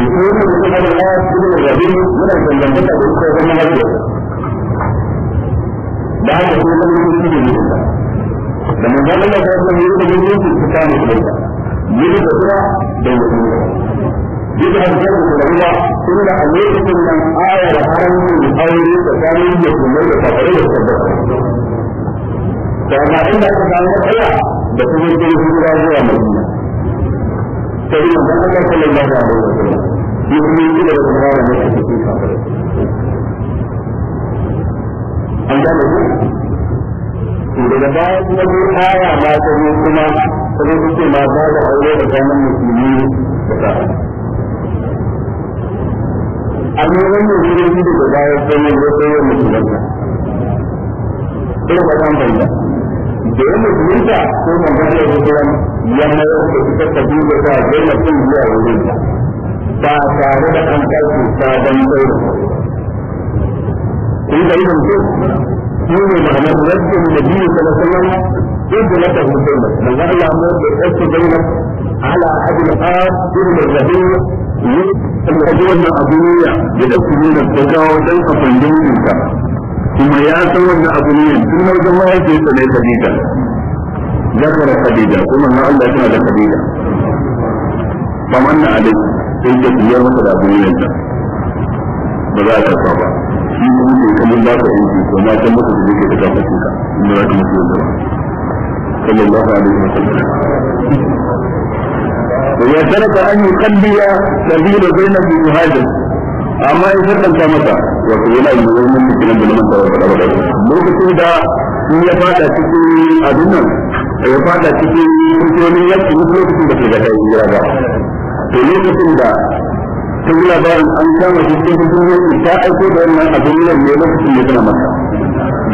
الأولى من هذا الآية ابن الربيع من المنطقة الأخرى من هذا بعد كل من يسير بها لما قال الله تعالى من يريد من يريد الكتاب بها يريد بها بينهما duk da zai da rabuwa sun da alaikin nan ayar haramcin aure tsakanin da kuma da kafirai da tabbata da ma inda aka samu matsala da kuma jirgin ruwa zuwa madina sai da Allah sallallahu alaihi wasallam mu'mini da kuma ya mutu cikin kafirai an ga ne to daga baya kuma ne aya ma ta ne kuma suke ma ba da aure da kanan musulmi da kafirai an yi wannan shirin da da bayan sanyin sai yin musulunta ina ba ta fahimta da yin ko manzon Allah ya mayar da ita ta duba ta gina sun zuwa wurin ta ba tare da an tashi sabon kai kun ga idan ko shi ne ma'anar rajin da biyu ta masallama yadda na ta hudu da za a lamu da ƙasa zaina ala abin ba irin da yi ne alƙaji wannan abu ne ya da kuma da ta kawo don a fandin kuma ya san wannan abu tun na zama ذكر خديجة ثم أن الله يتنى خديجة فمن عليك إذا تجير مثل أبو ينزل بذلك الصعبة في ممكن كم الله تعيش وما كم إن لا تمسي الله صلى الله عليه وسلم ويا ترك أن يخلي سبيل زينب مهاجر أما in sarkanta masa أن yana yi wani mutum da masa wa faɗa lokacin ya fada cikin kungiyoyin yaki duk lokacin da ke da kai hijira ba to lokacin da sun yi labarin an kama shi cikin kungiyoyin ta aiko da wannan abin nan ne lokacin da suna masa.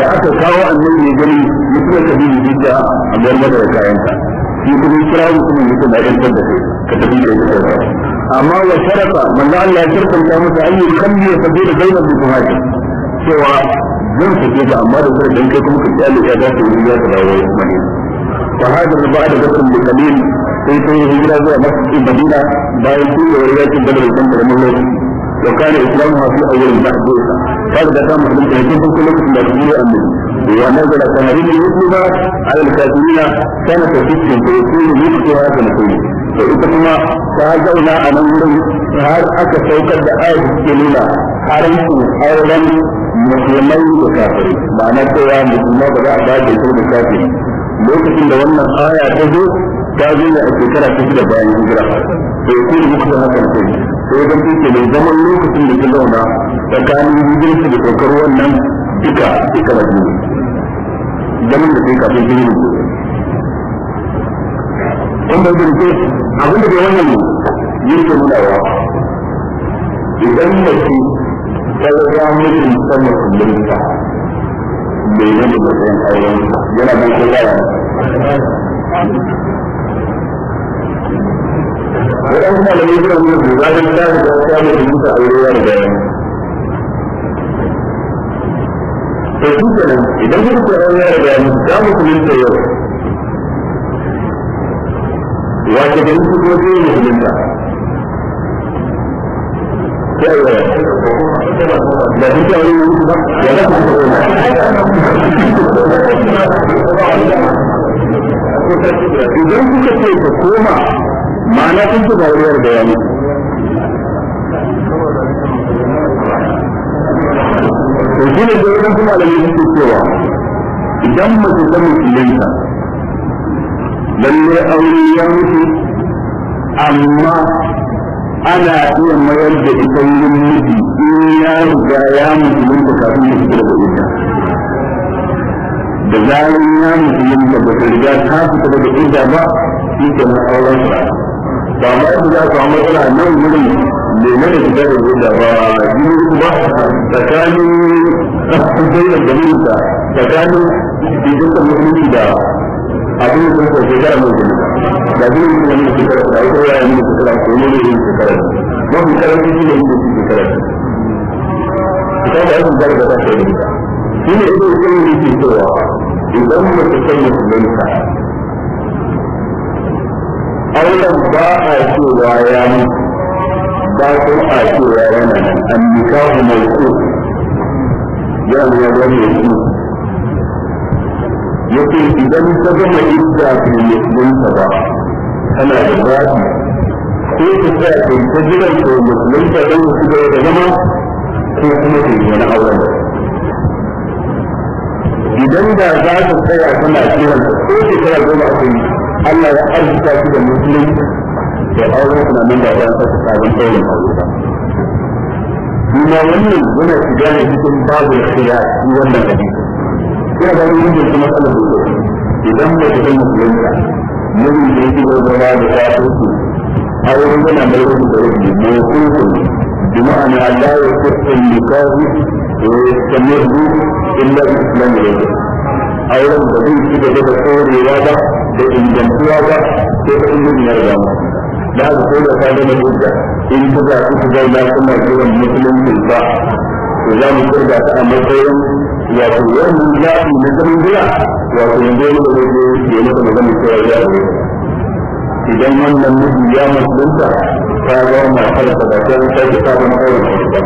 da aka kawo annabi ne gani mutum da bibi bija a bar mata da kayanka shi kuma kira mutum ne kuma da da kai ka tafi da ita amma wa sharafa manzo Allah ya shirkanta masa da kammi da bainal buhari cewa zan tafi da amma da kuma dan kai kuma ka tsale ya dace wurin ya dawo mai فهاجر بعد بكر بقليل sai sai hijira zuwa masjidin Madina bayan tuwar yakin Badr da kuma Muhammad wa kana islamu fi awwal ba'du kada da samu mutum da yake cikin lokacin da yake annabi wa nazala tahrim al-muslima ala al-kafirina kana tasdiqin da yake yake haka ne to ita kuma ta zauna a nan wurin har aka saukar da ayat ke nuna musulmai da kafirai ma'ana cewa musulmai ba za a ba da su da lokacin da wannan aya ta zo ta zo ne a shekara ta shida bayan hijira to ko da muku hakan ce sai ga kuke mai zaman lokacin da ta zauna tsakanin hijirarsa da kokar wannan duka duka da ne zaman da yi kafin hijirin ku kun da zai ce abin da bai wannan yin da mudawa idan mace ta ga mutum sanar kullum ta bai ne da matsayin auren yana ban ko ba wadan kuma da yake mun da zalim da da ta da mutu aure ya da to shi kenan idan kuka aure ya da mu da mu kullun da yau wato da mutu ko zai mutunta في أي ولاية لا في أي ولاية idan kuka ce ka koma ma'ana kun ci gauriyar bayani to shi ne da wadansu malamai suke cewa idan mace ta musulunta lallai aure ya mutu amma ana iya mayar da ita yin miji in ya riga ya musulunta kafin da fitar da ita da zarin ya musulunta ba ta riga ta fitar da ita ba shi ke na auren sa ba ma ita za amma tana nan wurin da ya mana fitar da ita ba jini ba tsakanin sai da gaminta tsakanin jikin da musulunci da abin da fitar da ita. da zai yi wani da shekara da ita ne yi shekara ko ne ne yin shekara mafi karanci shi ne yin shekara ita da aikin zai gaba sai da ita shi ne ita ita ne ke cewa idan mace kai musulunta auren ba a cewa ya mutu ba ko a cewa yana nan an nikahu mai ko yana ya zama mai yake idan ta gama idda ta musulunta ba tana da zafi ko ta tsaya ta ta jiran ta musulunta don su ga da zama ko kuma ta yi wani auren idan da za ta tsaya tana jiran ko ta tsaya goma ta yi Allah ya arzika shi da musulunci da auren suna nan da sa sassa sabon ɗaurin aure kuma wannan yana shiga ne cikin babu ya shiga wannan hadisi ina da wani da kuma sallar da idan da da musulunta mun da yake da zama da kafin su a wurin yana mai wani da rubi ne ko ko jama'a ne Allah ya kusa ni kafi eh kamar du illa islam ne a wurin da zai ci da da tsorewa ba da ingantuwa ba sai da ilimin ya riga da ko da ta zama hujja in ta ku shiga da kuma kiran musulunci ba to za mu kirga ta a matsayin wato wannan zaɓi na zaman gida wato yanzu ya muka zai da ya muka magana cewa ya zai idan wannan miji ya musulunta ta ga matar da ba ta sai ta ba makarin ta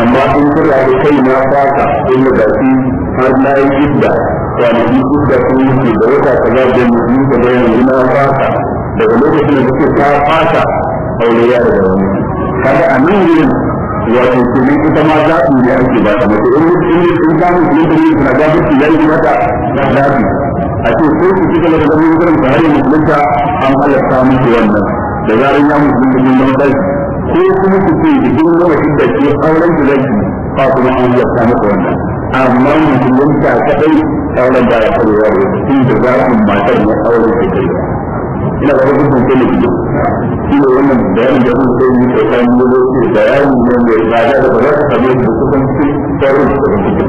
amma in kirga da kai na fata in da shi har na yi idda kwanaki idda sun yi da wata kaza da mutum ka ga yanzu fata daga lokacin da suke ta fata aure ya da wani kada a nan wato kuma ita ma ake ba ta mace in na yi mata zaɓi a ce ko ku kika daga zaman gurin hari musulunta an halatta muku wannan da zaran ya musulunta nan ko kuma ku ce idan nawa inda ke auren da zaki ba an halatta wannan amma musulunta kadai auren da ya da matar da ina ga wannan bayanin da sai ni ba za ka ba same da kusanci tsarin da kuke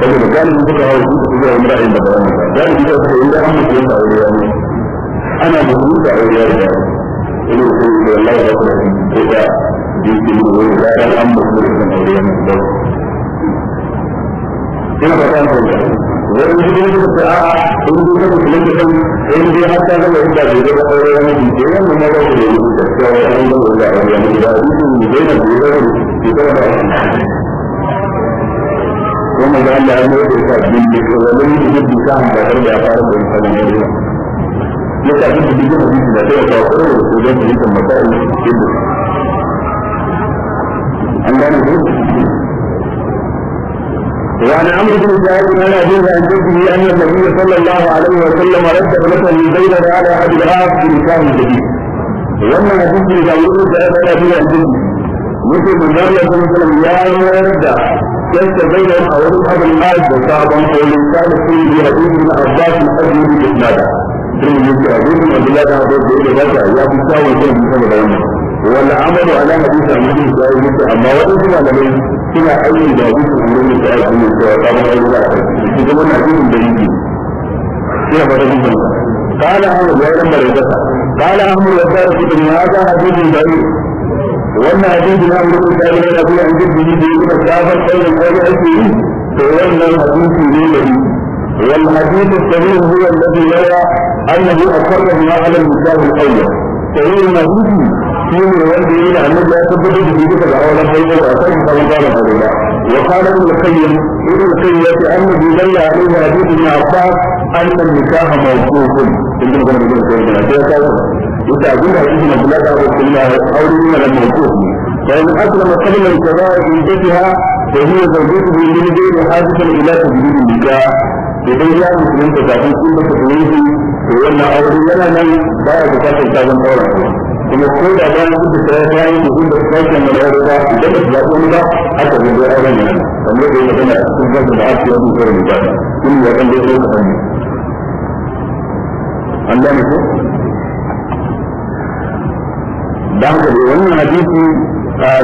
saboda galibin suka hawa su su wani ra'ayin da ba wani ba galibin da suka inda an mutu yanka aure ya ne ana mutu da aure ya ne ina da kuma da wallahi da kuma da da jiki da wani ra'ayin an mutu da aure ya ne ina ba ta hankali wani wani ne suka ce a'a sun yi kuma musulun da kan in dai har ta zama inda bai zama aure wani bincike yan mu maza da yi da cewa ya zama da aure wani gida a cikin mu zai na bai zama da zama da kuma da Allah ya mai da ita bincike wani ne da bincike an ba tare da ya fara da sanin ya zama ya ta bi bincike da bincike da ta kawo ko ko da bincike mata ne an gane ko وعن عمرو بن سعيد عن ابي عن جده ان النبي صلى الله عليه وسلم رتب لك البين على عبد العاص بلسان جديد. وما جده لا يرد على ابي عن جده. مثل من قال صلى الله عليه وسلم يا ولد كنت بين اولي ابي العاص وصعبا ولسان السيد يعود من عباس اجل باسناده. ثم يجي عبود من عبد الله بن عباس يقول يا ابو سعيد والعمل على حديث عن جده سعيد اما وان كان suna aiki da abin su wurin da ta aiki da ta ta ba da su zama na jin da yake suna ba da jin قال أحمد يا رب العزة قال أحمد وقال في ابن هذا حديث ضعيف وأن حديث لا يملك ذلك أن أقول عن جده بإذن الكافر بين القول أسره فإن الحديث ليه والحديث الصحيح هو الذي يرى أنه أقر بما على المسلم الأول صحيح الحديث shi ne wanda ya yi da annabi ya tabbatar da shi daga auren bayyana a kan sabon gane aure ba wa kana ibn qayyim ibn qayyim ya ce annabi dalla alaihi hadith ibn abbas anna nikaha mawqufun ibn qayyim ibn qayyim ya ce ka ita abin da hadith ibn abdullah ta aure kuma aure ne da mawquf fa in aslama kalman kaza in jadiha fa huwa zawjatuhu min ghayri hadithin ila tajdid nikah idan ya musulunta kafin sun da ta to wannan aure yana nan baya bukatar sabon auren kuma ko da bayan duk da sai ta yi duk da sai mai da ba idan ba ya kuma ba haka zai ga auren nan kamar da yake da cikin gaba da ake yi da rubuta kun ya kan dai sai ka hanni an da ne ko dan da wannan hadisi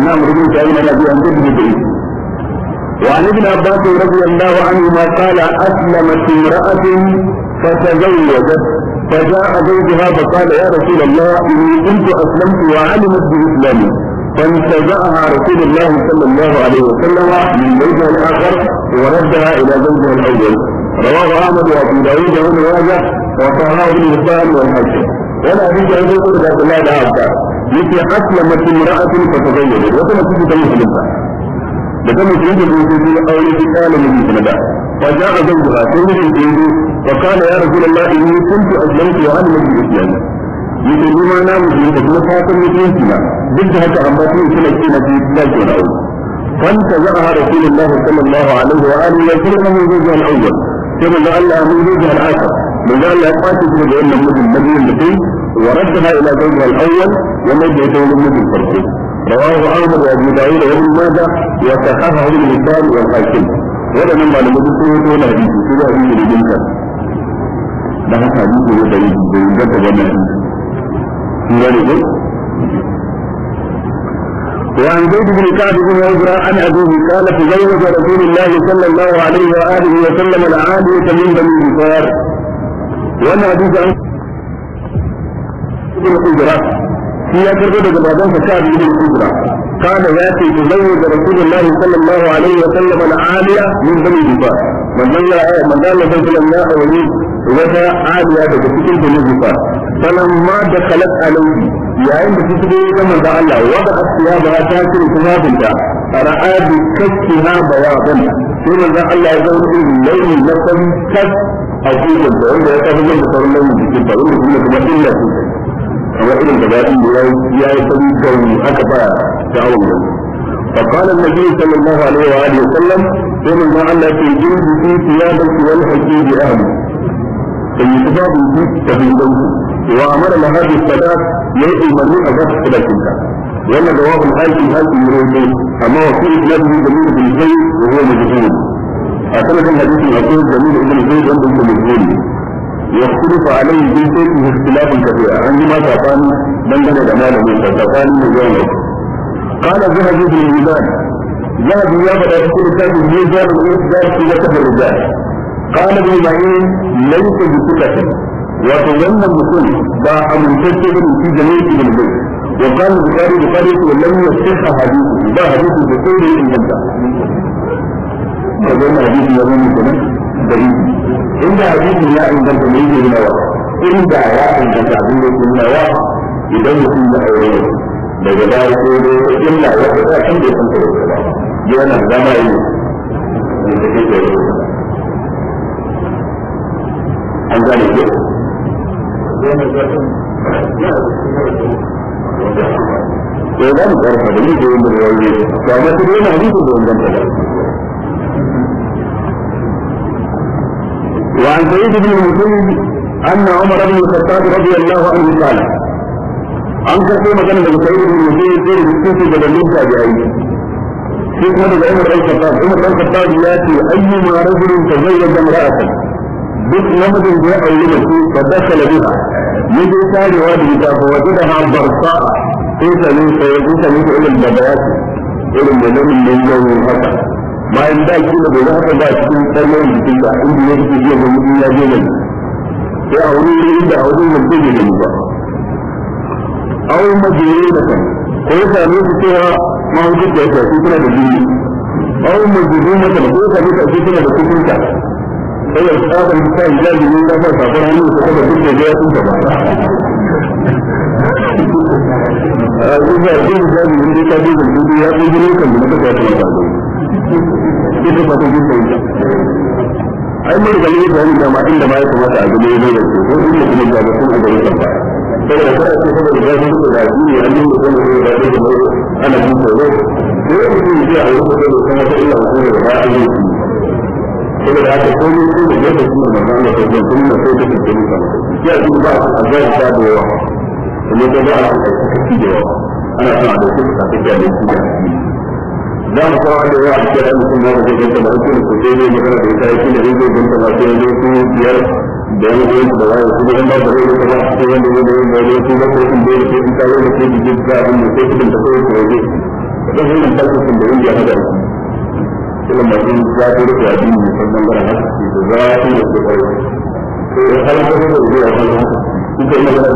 na murbin sai na bi an dubi da shi وعن ابن عباس رضي الله عنهما قال أسلمت امرأة فتزوجت فجاء زوجها فقال يا رسول الله إني كنت أسلمت وعلمت بإسلامي فانتزعها رسول الله صلى الله عليه وسلم من زوجها الآخر وردها إلى زوجها الأول رواه أحمد وأبو داود وابن ماجه وصححه ابن حبان والحاكم ولا أبي ان إلى عبد الله لا عباس يجي أسلمت امرأة فتزوجت تجد مسلمة لكن مسلمة في أول كتاب النبي صلى الله عليه وسلم فجاء زوجها تنزل الجيد وقال يا رسول الله إني كنت أسلمت وأنا في إسلامي yake ni ma na mutu da kuma fatan mutunci na duk da haka amma tun kina kina da ke rawo kan ta za a rasulullah sallallahu alaihi wa alihi wa sallam mun zo al awwal sai mun Allah zo al akhir mun da Allah ya kwace shi daga wannan mutum na biyun da kai wa raddaha ila zawji al awwal wa mai da ita wannan mutum farko rawahu ahmad wa abu dawud wa ibn majah wa sahahahu al-bukhari wa al-hakim waɗannan malamai duk sun yi wani hadisi su za a yi rigin ka da haka hadisi ne da rigin da rigin ka wannan su ne ne وعن زيد بن كعب بن عزرا عن ابيه قال تزوج رسول الله صلى الله عليه واله وسلم العادية من بني بصار وانا حديث عن ابن عزرا في اكثر من بابان فشعب ابن عزرا قال ياتي تزوج رسول الله صلى الله عليه وسلم العالية من بني جبار من ظل من ظل بيت الله وليد وجاء عالية بسكين بني جبار فلما دخلت عليه يا عند تسجيل كما دعا الله وضعت ثيابها تاكل ثياب الله فرأى بكفها بياضا ثم دعا الله يزول الليل لكم كف أقول لك وإن يتفضل بصر الليل بكفها وإن كنا كما amma irin da daɗin da ya yi sauri kawai aka ba sha'awar da فقال النبي صلى الله عليه وآله وسلم ومن ما أن في جلد في ثيابك والحكي بأهله في سباب كتاب تبينه وأمر لهذه الصلاة يأتي من أجاب صلاتك وأن جواب الحاكم هذا يروي أما وفي إسناده جميل بن زيد وهو مجهول أعتقد الحديث الأخير جميل بن زيد عند المجهول يختلف عليه في شيء اختلاف كبير عندما تقال من بنى الأمانة موسى تقال من يوم قال ذهب في الميزان ذهب يابد يقول كتاب الميزان والإنسان في وجه الرجال قال ابن معين ليس بثقة وتظن المسلم با أمنتج في جميع ابن البيت وقال البخاري البخاري ولم يصح حديثه لا حديث البخاري إلا كذا حديث يوم الجمعة dari inda hadisin ya inganta mai yi nawa inda ya inganta abin nawa idan mutum da aure daga baya ko da illa wata ta kan da sun kare ba yana zama yi da take da an gane ke ko da mu karfa da ni da yin da ba ma su yana ni da inganta ba وعن سعيد بن المسيب أن عمر بن الخطاب رضي الله عنه قال an karɓo magana daga sai ibn mutum ya da kusa daga nisa da sai kuma daga umar ɗan khattab umar ɗan khattab ya ce ayyu ma rajulin ta zayyar da mara'atan duk namijin da ya auri mace ta dakala biha ya je tarewa da ita fa da ha barsa sai ta ne sai irin da bayan da ki da gobe haka ba cikin tsarnayin jikin da inda ya fi jiya da mutum ya je sai a wurin wurin da a wurin mutum ya gani ba a wurin majiyoyi da kan ko ya same su cewa ma hujjar da ya shafi suna da jini a wurin majiyoyi da kan ko ya same su a suna da kukunta sai ya tsaka ta yi jaji ne ta fara safar hannu ta kafa duk da ya sun gaba a zuwa jin jaji ne ta je gani ya fi jini da mutum ya fi duk ba ta gina yi ai mun ga ne da wani inda ba ya kamata a gane ne da su ko inda kuma ga sun a gare ka da kada ce saboda ga sun da shi ne an yi da ne da ne ana yin da ne ko ne ne ji a lokacin da kuma ta illa ko da ba a yi da haka ko ne ko da yadda kuma manzon da kuma kuma na sai ta cikin ya ji ba a ga ta da yawa kuma ta ba a cikin da yawa ana son a da ta cikin da za mu kawo da yawa a cikin mutum na da ganta ba sai ko sai ne magana da ita yake da zai ganta ba sai ne su biyar da yan goyon da wayo su da ba da ba sai wanda da goyon da wayo su da ko da dole sai in da wani sai da abin da sai da ko ko ne da wannan tasirin da indiya hada kuma mai yin ya ta rufe abin da kan bangaren da za su yi da kwayo sai har da zai da zai da kuma da da kuma a cikin da suna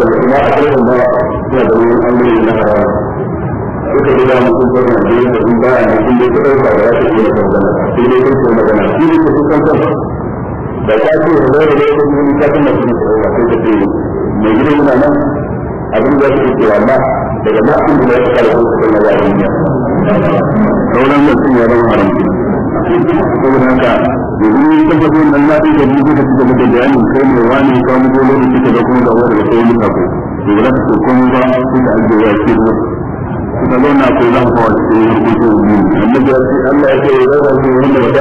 da wani amuri na harawa suka riga mutum ko da yin abin baya ne kun dai kuɗin ba za su iya kan zama sai dai kun ko magana shi ne ku kan kan da ta ce da zai da yau kun ka kan da kun ko ba sai ta ce mai gidan yana nan abin da su ke amma daga ma kun da ya kare ku kan na yayin ne sauran mutum ya zama haramci saboda haka yanzu ne kan fito nan na ɗin da ni kuka cika muka bayanin kai mai wani ya kawo muku lokaci ka ga kuma da wani da kai muka ko to ba za ka so ba sai ka ajiye ya ce suka zauna ko za ku kawo cikin rubutu ya ce ya zauna wannan yi ne a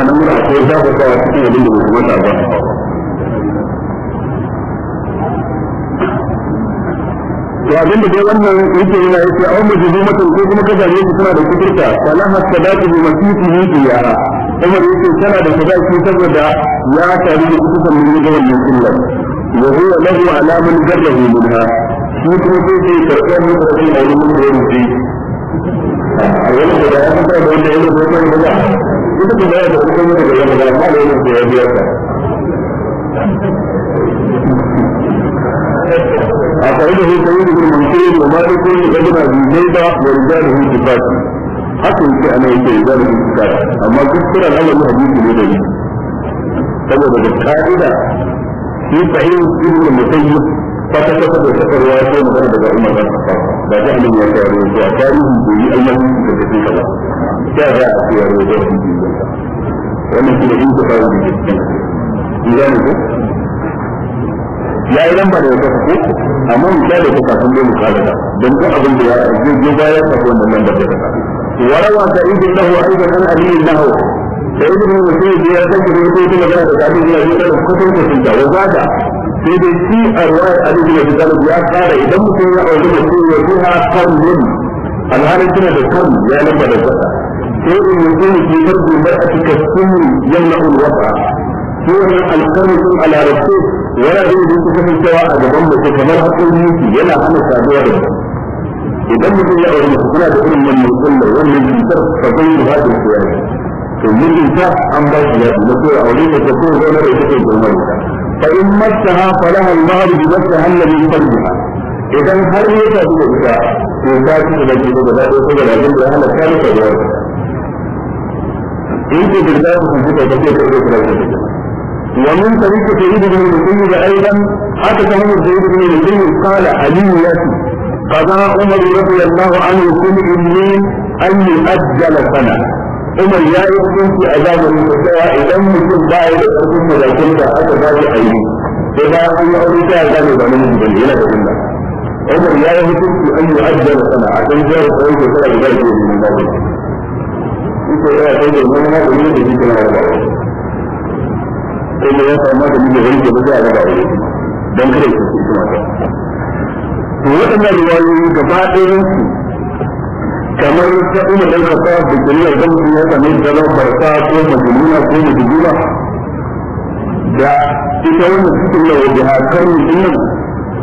nan mura za ka kawo cikin abin da ba a wani ko kuma kaza ne suna da ku ya Umar yake tana da sadaki saboda ya tare da kusan mun ga wannan kullar wa huwa lahu ala man jarrahu minha shi kuma sai sai karɓar mun da shi a wurin da yake a wani da ya fara da wanda yake da wannan da ita kuma ya da kusan mun da yana da amma da yake da ya biya ka أخرجه سعيد بن منصور ومالك وابن أبي زيد ورجاله ثقات haka yake ana yake ya zama yin kara amma gaskiya al'amarin hadisi ne da ni saboda da ka'ida shi sahih ibn musayyib fata ta da kasar ya ce magana daga umar da ba ta alim ya ta rubuta a tarihi ko yi almasi da take kala ta za a ce ya da shi wannan shi ne fara da shi idan ne ya yi lamba da wata ko amma mu ta kafin dai mu kala da don ko abin da ya zai bayar da wannan da ta وروى سعيد له ايضا عن علي له سعيد بن مسعود يرتكب في مجال سعيد بن ابي طالب كتب كتب وزاد sai dai shi a ruwayar Ali bin Abi Talib ya idan mutum ya auri da su ya fi ha karnin alhalin tana da karn ya lamba da zaka sai in yanzu ne ke a cikin sunni yamma ul sai wannan alkarni sun alarabce yana da yanzu su kasancewa a gaban mutum kamar hakan yuki yana hana saduwa da mutum يبلغ الله المسلمات كل من يصلي ومن يكثر فضيل هذه الشهاده فمن يكثر عن بعض الهدم نقول اوليك تقول غير ذلك فان مسها فلها المال بمسها الذي يصليها اذا هل يؤتى بالابداع في ذاك الذي يجب ان يكون لا يجب لها مكانه في ذاك الذي ومن طريق سعيد بن المسيب ايضا حتى كان سعيد بن المسيب قال علي ياتي قضاء عمر رضي الله عنه كل منين أن يؤجل سنة عمر يا يكون في اذان المساء إذا مثل دائرة تكون ملاكمة حتى ذات أيدي إذا أن يؤجل سنة بمن يجب إلى الله عمر يا يكون في أن يؤجل سنة عشان جاء سنة سنة بذلك من الله إذا يا سيدي من هذا من يجب إلى الله إذا يا سيدي من يجب إلى الله don kada su su kuma to waɗannan riwayoyi gaba ɗayan su kamar ta umar dan kasa da kiriyar dan su ya same da zama barka ko majnuna ko majnuna da ita wannan cikin da wajen hakar mutumin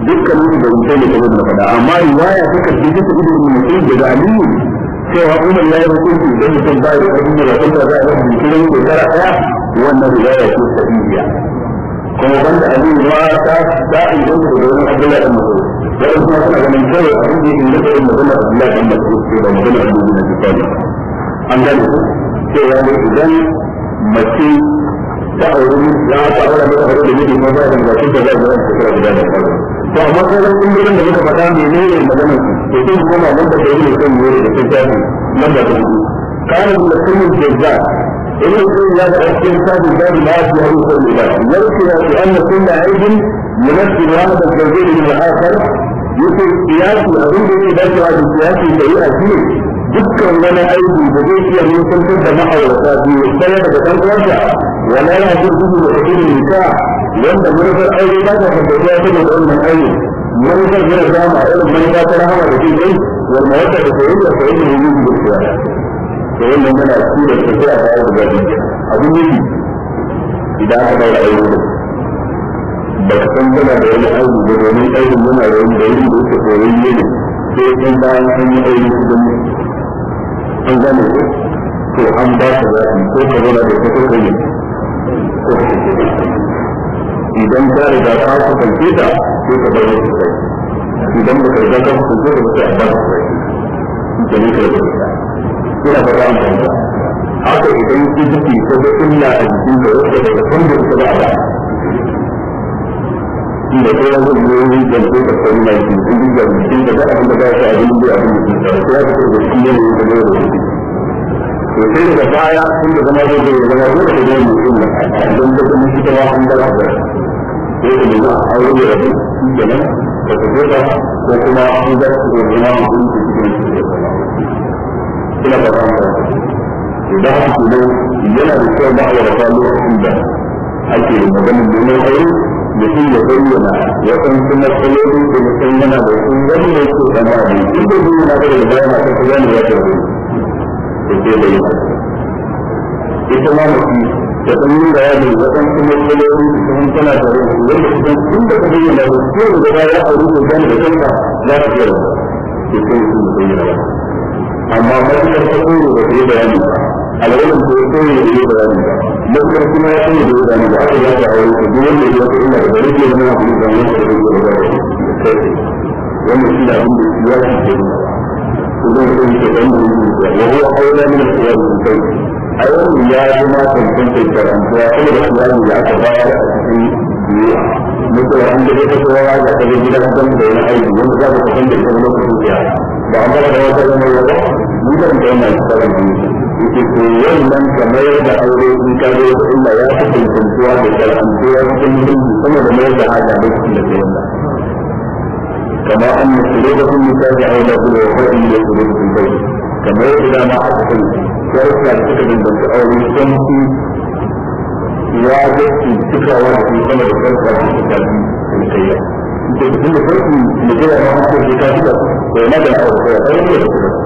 dukkan mutu da wuce ne kamar da faɗa amma ya riwaya ta karshe ta ido da mutum daga aliyu cewa umar ya yi hukunci da mutum ba ya ƙarfi da kan ta za a yi binciken shekara ɗaya wannan riwaya ce sahihiya kuma banda aliyu ma ta ta inganta da wani abdullahi da mutum ولكن كنا من كوي عندي من نفر مدنة الله عند الكتب ومدنة المدينة الثانية أن ذلك يعني إذن مكي تعلم لا تعلم من أهل الذي ما بعد ما كنت لا زال تكره ذلك فأما كان كل من من مكان يميل المدنة يكون كما من تقول يكون يريد الكتاب لم يكن كان المسلم الجزاء إذا كان هذا الكتاب الباب لا يجوز الإله يذكر بأن كل عيد يمثل هذا الجزيل من الآخر yake siyasi abin da yake dacewa da kiyasi da yi a cikin dukkan wani aiki da zai iya mutuntar da ma'aurata biyu ɗaya daga ɗan uwansa wala yana fi gudu da irin nisa wanda manufar aure ba ta tabbatuwa saboda wannan aure manufar yana zama a irin manufa ta rahama da ke dai wanda wata da koyi da koyi da yi da kuwa to wannan yana ci da tafiya da aure da abin yake idan aka daura aure da ba ka san tana da wani aiki ba domin aikin yana da wani dalili da yake koyon yi ne sai kun bayan an yi aiki cikin an gane ko to an ba ka zaɓi ko ka zauna da ka kai ne idan ka riga ka ku kalfe ta ko ka bar wasu kai idan ba ka riga ka ku kalfe ta ba sai ba ka kai jami'a ka ina ba ka mu haka idan ki jiki ko ga illa a jikin da wanda ba ka san da a ba da sauran hanyoyi da ko da sauran mai cikin da cikin da abin da za su abin da abin da su ya fito da shi da ne da shi to sai daga baya sun da zama zai da zama zai da ne mutum da don da kuma shi tawa an da ba sai da ne a aure da shi da nan da ta gaba ko kuma an da su da zama mutum da cikin shi da kina ba ta da haka kenan yana da kyau da a lokacin da ake maganin domin aure mutum ya bayyana waɗansu matsalolin da mutum yana da su wani ne ko da ma ne duk da duk na da da ma ta kuma ne ya ta da ke da yi ita ma mutum da san yin bayanin waɗansu matsalolin da kuma tana da yi wanda kusan tun da ka bayyana da su yau da baya a rukun gani da kanka za ka iya rawa ke kai da bayyana ba amma matuƙar ta da ta yi bayani alwalin ko ya koro da ta yi bayani mutum kuma ya sanya da wani da aka yaka a wani duk wanda ya yi ina da rage wani abu da wani da rage da wani wannan shi da abin da ya ci ke nuna da mutum ke da wani da ya yi aure min kuwa da da a yau ya yi ma da karantuwa kuma da kuwa da aka bayar a cikin duniya mutum an da ya kowa ya ga da kan da wani aiki wanda za ka san da ita lokacin da ba a gara da wata zama yau ba gidan da yana da ce ko wannan kamar da aure in ka zo da ya fi kuntuwa da karantuwa cikin mulki sama da mai da hada da shi da wannan kama an musulai da da aure da kuma faɗin da kuma kun bai kamar da ma aka san da suka aure sun fi ya ga su suka wani sama da sarka da suka yi kai da kuma sarki da ya ma aka ce ka suka ko na da aure da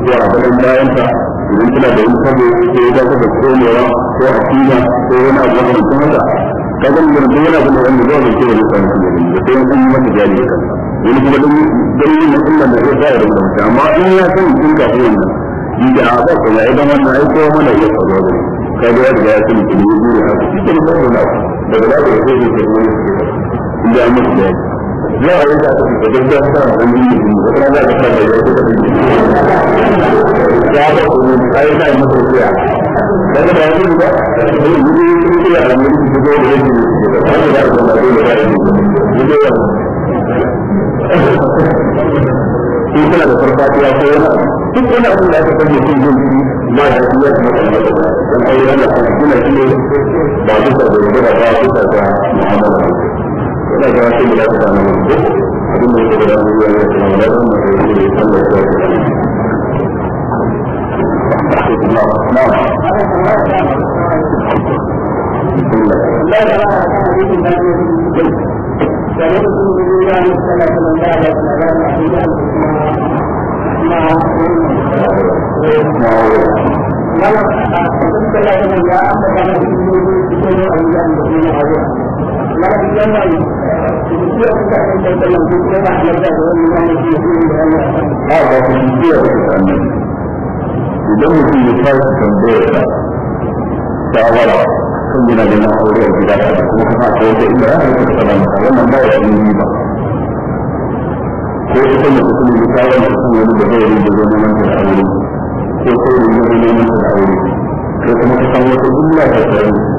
ko a bayan ta idan kina da wani sabo ko ya dafa da komewa ko a kina ko wani abu da kuma haka kaga mun da yana da wani da wani ke da kan da sai mun yi mata jari da wani kuma dan dalilin nan Allah da ya sa da mutum amma in ya san kin ka ko wannan da a ba ko ya idan wannan ai ko mana ya faru da kaga ya riga ya san kin yi da haka da ke da wannan daga da ya sai da wani da amma da za a yanka ta da gaskiya ta da wani ne da kuma za ta da ya ta da ya ba ku ai da ya da da yi yi yi da da da da da da da da da da da da da da da da da yana da wasu da ta samu mutu abin da ya gaba da abubuwa ya ce mana da wanda ya ce ya san da ya Thank you. ولا بالله يسير كان يتكلم في كل واحد يبدا يقول لنا في هذا في الجيل الثاني idan mutum ya fara tambayar ta shawara sun gina da na aure a gida ta ko kuma ko ta inda ya yi kusa da mata wannan ba ya yi ba ko ita ne ta kuma ta yi wani kuma wani da zai yi da zai neman ta aure ko ko da yi neman ta aure ko kuma ta san wata gulla ta aure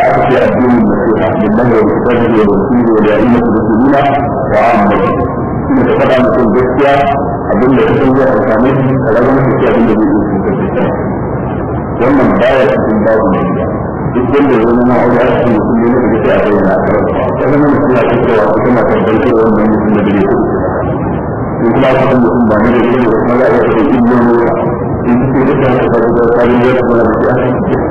aka ce a duni da ke hafi da mai rikitar da ya yi da ya yi masu abin da ta sun zuwa a bayyana a a yi da su ilmi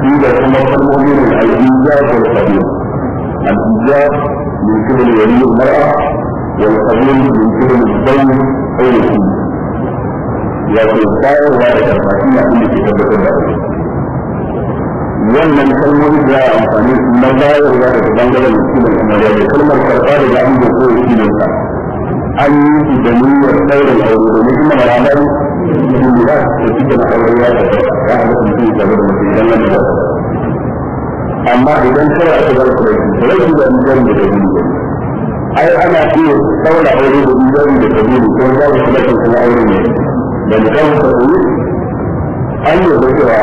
كما ثم من الإيجاب والقبول الإيجاب من قبل ولي المرأة والقبول من قبل الزوج أو الزوج wato bayarwa da karfafi na abin da ke da wannan kalmomi da ya amfani na bayarwa daga bangaren musulman kamar yadda kalmar karfa daga an da kowace ne an yi su da niyyar aure domin kuma ranar cikin gida da cikin aure ya da ya a mutum zai zama da mutum da amma da da da ai ana iya saura aure da mutum da dalili ko za mu kula da kuma aure ne da mutum da dalili an yi da cewa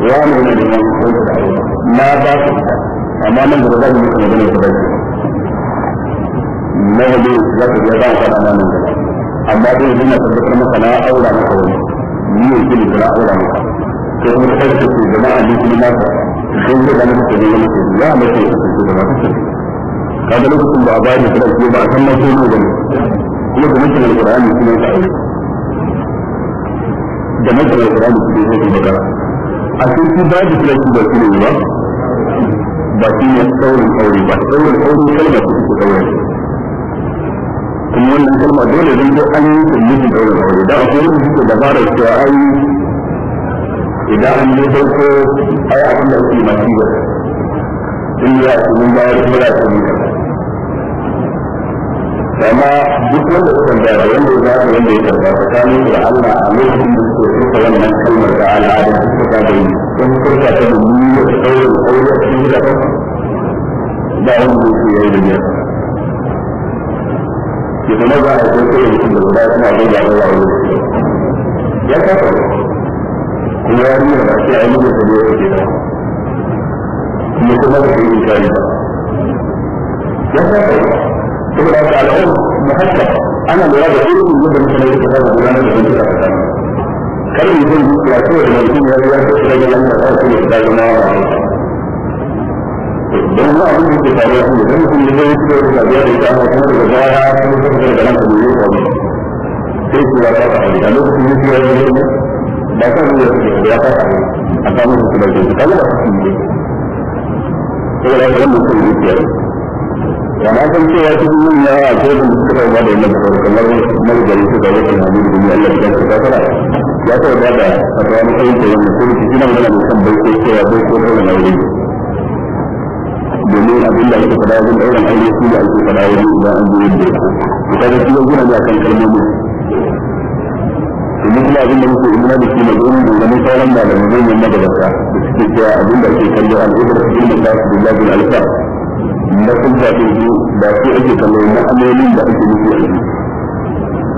ya ne da mutum da na ba su amma nan da za mu yi da dalili na wani za ka ga ba da nan da amma dai yanzu na tabbatar maka na aura maka wani ni ne ke da na aura maka ko kuma ka kai ku jama'a ni kuma na ka sai ka ga ne yana ku ya mace ku da maka lokacin ba a bayani kada ba a na mace ne ba kuma da mutum alqur'ani kuma ka aure da mutum alqur'ani kuma ka magana a cikin babu da ku ba ku ne ba ba shi ne tsaurin aure ba tsaurin aure kalmar ku ku tsaurin kuma wannan kalma dole zan zo an yi ta mijin ɗaurin aure da akwai wanda suke dabara cewa ai idan an yi farko ai abin da ake masu bayar kuma amma duk wanda suka bayar wanda ya zama wanda ya karba tsakanin da Allah a lokacin da suke suka wannan kalmar da suka ta sun furta ta da aure a cikin gaba ba wanda ya yi da biyar ke kuma za a kai kai mutum da guda suna zai ga Allah wani ya kafa kuma ya nuna ba sai an yi da sabo ya ke da kuma kuma da kai misali ba ya kafa kuma da ta al'um muhakkak ana lura da irin yadda da suka fara gudanar da da a kasar kar mutum ya kowace mutum ya zuwa da shi daga nan da kawai kuma ya zama wa don ba abin da ke faruwa shi ne don mutum ya zai fito da zabiya da ita amma kuma daga baya kuma kuma daga nan kuma ya kawo sai ku ya fara hari a lokacin da ya zai zai ba kan ruwa su ya fara hari a samun su da zai kawo da su ne saboda haka wannan sun yi ya na san cewa cikin yin ya a cikin da suka ba da wannan kawai kamar marigari suka yi kan hannun da Allah ya ta fara ya ba da a tsawon ayyukan yin mutum shi na yi musamman bai ko cewa bai yi. domin abin da aka faɗa wajen ɗaurin aure su da ake faɗa wajen da an zo yadda ya kaga shi yankuna ne akan kalmomi domin kuma abin da muke da shi na gurin doganin sauran malamai zai yin magabata da suke cewa abin da ake kallo al'ubar su yin da su da labin alfa na kun shafi su ba su ake kallo na amalolin da ake nufi a ciki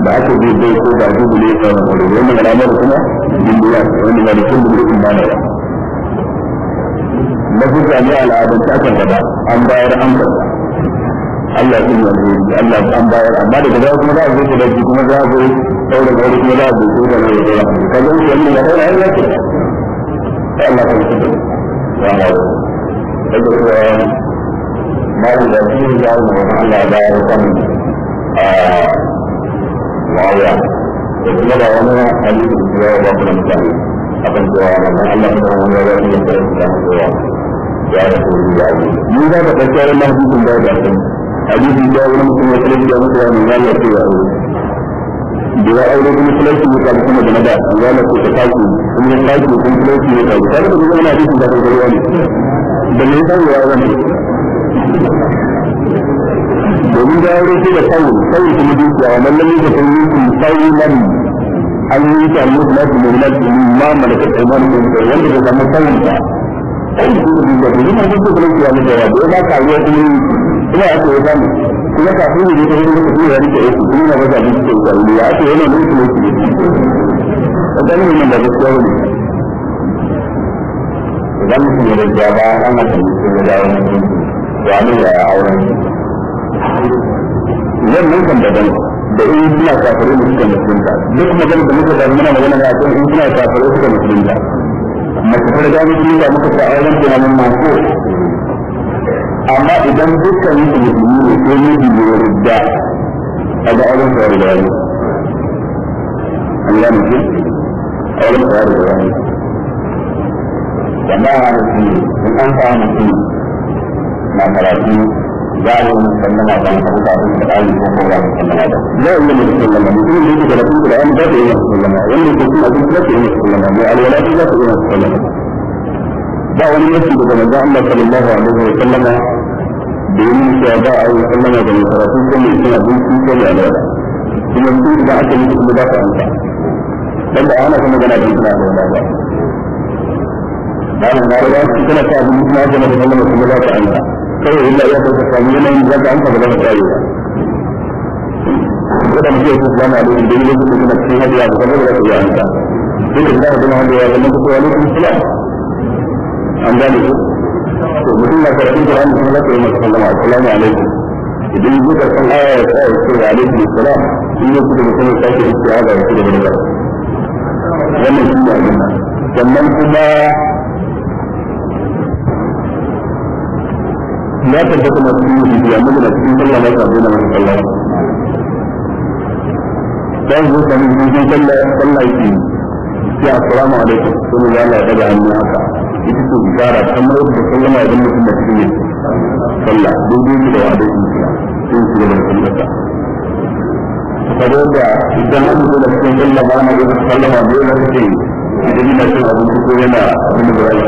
da aka zai bai ko ba zubu ne ya samu wani wannan alamar kuma jimbiya wani ba da mutum ba na yawa na hujja ne al'adun ta kan gaba an bayar an Allah shi ne alheri Allah an bayar amma daga baya kuma za a da shi kuma za a gauri kuma za a da ka ga shi wannan daura ya yake Allah ka shi da kuma mai da shi ya Allah ya kan ah, a wawa da kuma da wani hadisi da ya mutane akan cewa wannan Allah kuma wani ya yi da ya cewa ya da kuri da abu ni da ka ɗauki ran nan da ya san hadisi da wani mutum ya kalli da mutum ya nuna ya ce ya yi da ya aure kuma salatu ya kalli kuma da nada ya na kusa taki kuma ya taki kuma salatu ya kalli kada ka zama hadisi da kan gari wani da ne san ya wani domin da aure shi da sauri sauri kuma dukiya wannan lamin da yi sauri lamin an yi ta Allah da su da Allah da ma wanda da kan ta da da da da ya ka yi kuma ya kuma ka fi da ta kuma ba ta ne ya da da ne idan mutum ya an ma ta ya wani ya ne ya auren da da in suna kafare ne suka musulunta duk magana da muka samu muna magana da in suna kafare suka musulunta mace ta riga musulunta muka sa auren tunanin masu amma idan dukkan mutum musulmi ne sai mutum ne rudda a ga auren sa riga ne an gane shi auren da riga ne jama'a ne in an samu mutum na karatu قالوا من سلم على الحبوط عن الآن يكون الله سلم على لا إلا من سلم يقول لي إذا لكنت الآن ذات إلى سلم وإن كنت أبنت لك إلى سلم والولاء ذات إلى سلم دعوة من كما جاء الله صلى الله عليه وسلم بإن شهداء أو سلم بني كل كم يكون أبنت في كل ألوان ثم يكون إذا أتى لك بذات أنت بل أنا كما جاء بنت الله ولا قال الله تعالى كنا تعبد مثل هذا ما تكلم الله تعالى kawai illa ya ka samu yanayin da ka amsa gaban rayu kada mu je ku zama da inda ne ku kuma cikin hadiya ku kuma da ya amsa duk da ka hadiya da mun ku alaikum salam an gane ku to mutum na karatu da an kuma kai masa sallama assalamu alaikum idan ku ka san aya ya tsaya ku da alaikum salam in ku da mutum sake istiaza ku da wannan shi ne sannan kuma ya tabbata masu yin shi ya magana cikin sallah ba ta daina masu sallah dan zo kan cikin sallah sallah yake ya assalamu alaikum sun ga Allah daga hannu haka ita ce bishara kamar da sallama idan mutum da cikin yake sallah duk duk da wa'adin sun shi da sallah saboda idan an zo da cikin sallah ba na yin sallama bai da suke idan ina cin abinci ko yana abin da ba ya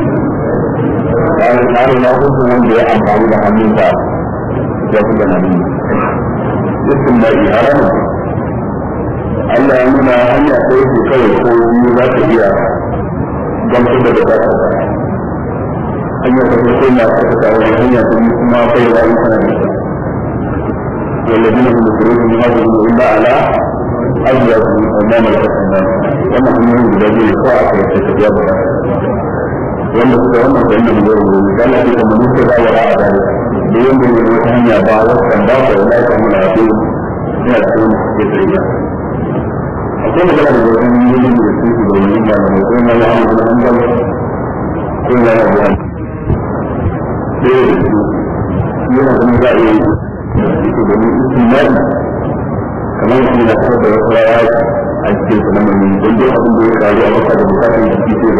alƙalin ƙarin na hukun wanda ya amfani da hannunsa ya fi da nabi iskin da rana. Allah ya nuna hanya ko yake kawai ko yi za ta iya gamsu da da ta hanyar da ta kai na ta ta tare da hanya ta kuma kai da ayyuka na nisa والذين هم يخرجون من هذه إلا على أبيض أمام الحسنات yi هم يهود بذلك وعلى كيف تتجاوز wanda suka wannan da inda mutum rubu kana kuma mun ce ya a da da yin da wata hanya ba ba a ce ke da wani yin da da yin da ne ya mun da ko ya ba sai yana kuma za a yi da ni su na kamar na da wasu rawa a cikin abin da ya kawo a wata da bukatun da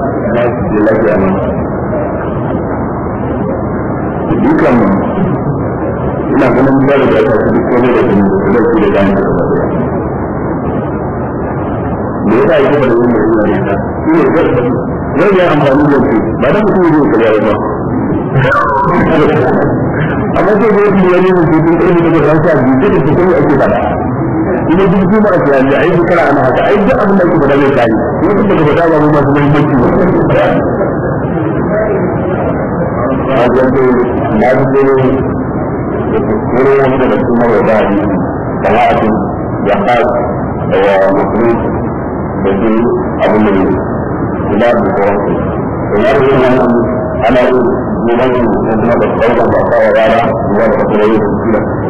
lafiya ne dukan ina ganin ba da ta su duk wani da kuma da su da gani me yasa yake da wani da da ne zai yi amfani da shi ba da ba amma sai da yake da da ke da da da kuma duk kuma a ana haka ai duk abin da kuka da zai kai da fada ba ba yanzu na ji dole wurin wani daga cikin mawada ne talatu da da wa da su abin da ne da da da da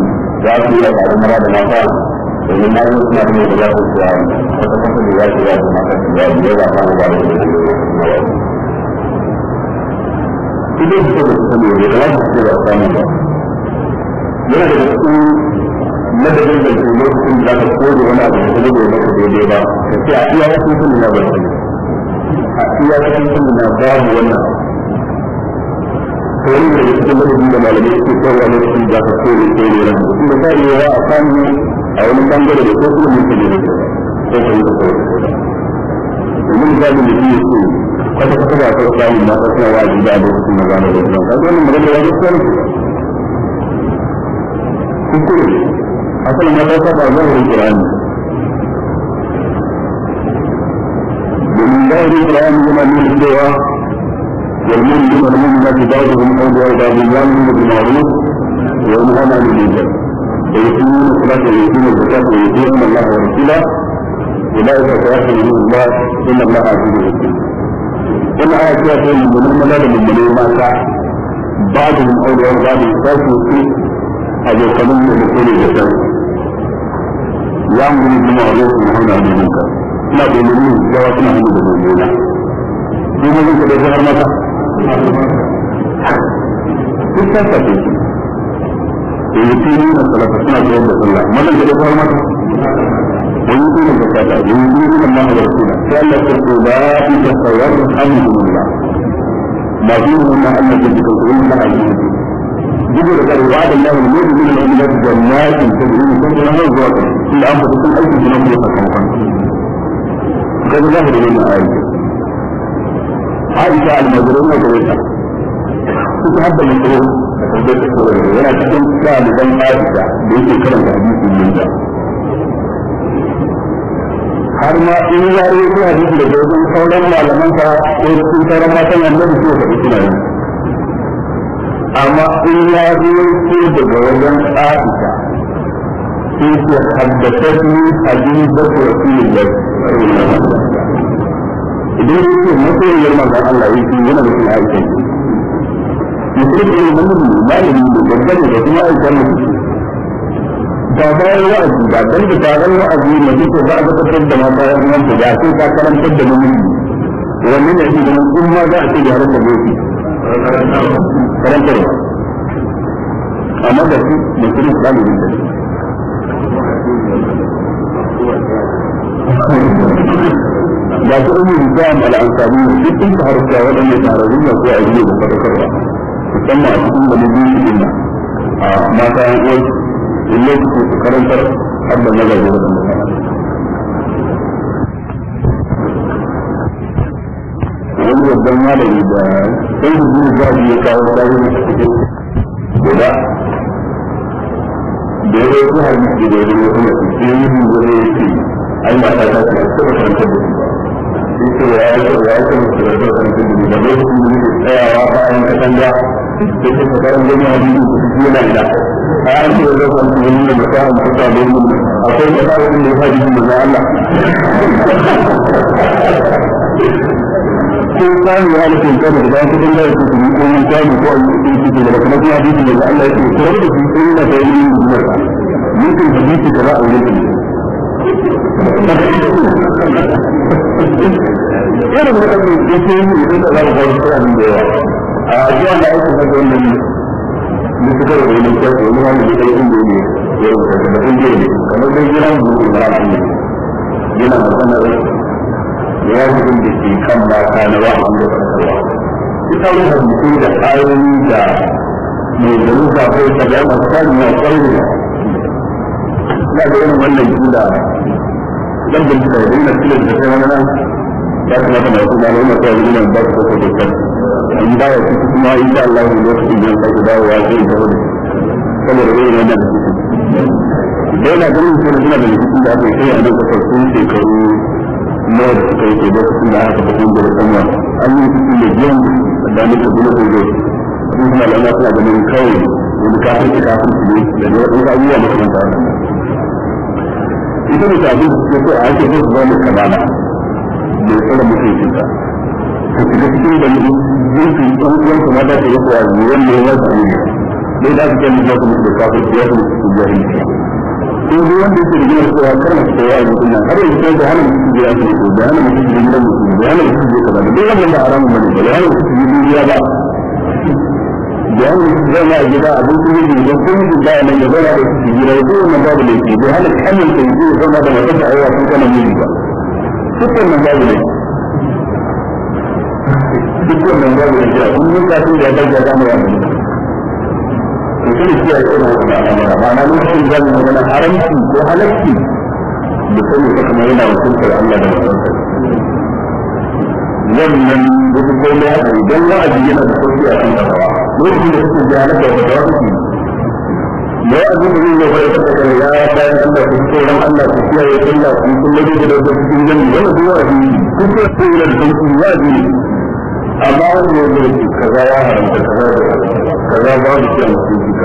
za su yi da mara da mata domin na yi suna da yadda su suwa kasa da za su yi su mata su ba biyar da kan da su na yau. Ido su da su sani da za su ce da sani ba. Yana da su madadin da ke lokacin da za ka kore wani abu da ta dago maka daidai ba, ka ce a iya wasu sun na ba su. A iya wasu sun na babu wannan ko yin da cikin madadin da malamai suke kowa ne cikin da ka kore ko ne ran da sai yawa a samu a wani bangare da ko kuma mutum ne ko ko ko ko domin da mun yi kwata kwata ba ta samu na ta kuma waji da lokacin da zama da wannan kaga wannan magana ya ji kare kuskure asalin ya dauka ba zan yi kirani domin yana nuna والمؤمن والمؤمنات بعضهم أولياء بعض يأمرون بالمعروف وينهون عن المنكر ويقيمون الصلاة ويؤتون الزكاة ويطيعون الله ورسوله أولئك سيرحمهم الله إن الله عزيز حكيم. إن آية فيها شيء من المؤمنين من المؤمنين مات بعضهم أولياء بعض يسافر في أبو قلم ودخول الزكاة يأمر بالمعروف وينهون عن المنكر. لا بالمؤمنين لا وسمعهم بالمؤمنين. في مؤمن كده duk ta shafe da yi tuni na salata suna da sallah mallan da dafa mata da yi tuni da da yi tuni mana da suna sai Allah ta ce ba yi da alhamdulillah ba wannan Allah ta a yi dubu da kare wa'ada Allah ne mai da ta ta sun kuma zuwa ta an fata sun aiki sunan kuma aisha almajirin na gare ta suka haɗa mutu da ta tsoron yana cikin ɗaliban aisha da yake karanta hadisin da. har ma in ya yi ko hadisi da dogon sauran malaman ka ko cikin sauran matan annabi ko da suna amma in ya yi ko daga wajen aisha sai ke haddace ni hadisi da rasulullah idan ya ce masoyiyar manzon Allah ya ce yana nufin Aisha mutum ne namiji malami yi babba ne da kuma Aisha mutum da bayan wa'azi ba dan da taron wa'azi na duka za a tabbatar da mata yan uwan da sai ka karantar da namiji wannan ne idan kun ma za a ce da harkar gobe karantar amma da su mutum ɗalibin da su ba su umu rijam al'ansari duk sun ta harfa waɗanda tararrun da kuwa a biyu da faɗakarwa musamman a cikin da biyu cikin a mata yan uwan illai su su karantar har da da wani babban malami da sai da biyu za ya kawo bayan da suke guda da ya zai kuma hadisi da ya zai kuma su ke yin zuwa ya ce Allah ta ta ta ta ta ta ta yake ya yi ko ko ko ko irin waɗanda ya ce yi idan da za mu kawo su abin da yawa a ajiyar da ake haka da suka da wani kyau wani wani da kai inda ne ya rubuta da inda ne kamar dai jiran buɗe na rafi ne yana magana da ya rubutun da ke kan mata na wa'azin da kasarwa ita rubutu da ayoyi da mai zaruka ko tabi'a masu kari na ƙwarin ya ga irin wannan kila dan bin da yana kila da kai wani nan ya kamata mai kuma ne mai kai yana ba su ko da in ba ya kuma insha Allah ne lokacin da ka ga dawo ya zai da wani saboda irin wannan dai na ganin sai suna da likiti da aka kai a nan ka farkon shekaru na da suka yi da su da aka tafi da sama an yi cikin da biyan da ne ka gudu da zai sun suna da ana suna ganin kawai wani kafin kafin ne da ne wani abubuwa makamanta ita mace da a ake zai zuwa mai kamala da ya tsara mutum shi ta ta shiga cikin da zurfi ɗan uwan su mata ta yi ko a zuwan ne ya zuwa ne dai da aka mutum kuma da ne ya zuwa su zuwa ne ko duk wanda yake da gina kowa kar mace ta yi a mutum har yanzu sai da hana mutum ya zuwa ko da hana mutum ya zuwa mutum da hana mutum ya zuwa da duk wannan ba haramun bane ba da hana mutum ya zuwa ba da wani a gida abin sun yi jirgin sun yi da bayan ya da su gida ya zuwa babu laifi bai hana kanin ta yi zuwa da masu da aiwa sun yin ba dukkan nan babu laifi dukkan nan babu laifi a kun yin tun da ya daga zama ya mutu to shi ne kiyaye na wannan al'amura ma'ana lokacin zamu magana haramci ko halarci da sani ta kamar yana hukuntar Allah da mutuntar wannan duk gwamnati idan wa'azi yana da sauki a kan gaba mulki da suke jana da wata wata ke da ya zuwa yin da wani kasa kan ya ya bayan Allah ku tsoron Allah ku kiyaye Allah ku kun lagi da wata cikin gani wani zuwa yi kun ce tsoron don ku ya ji amma wani ne da ke kaza ya haramta kaza da kaza ba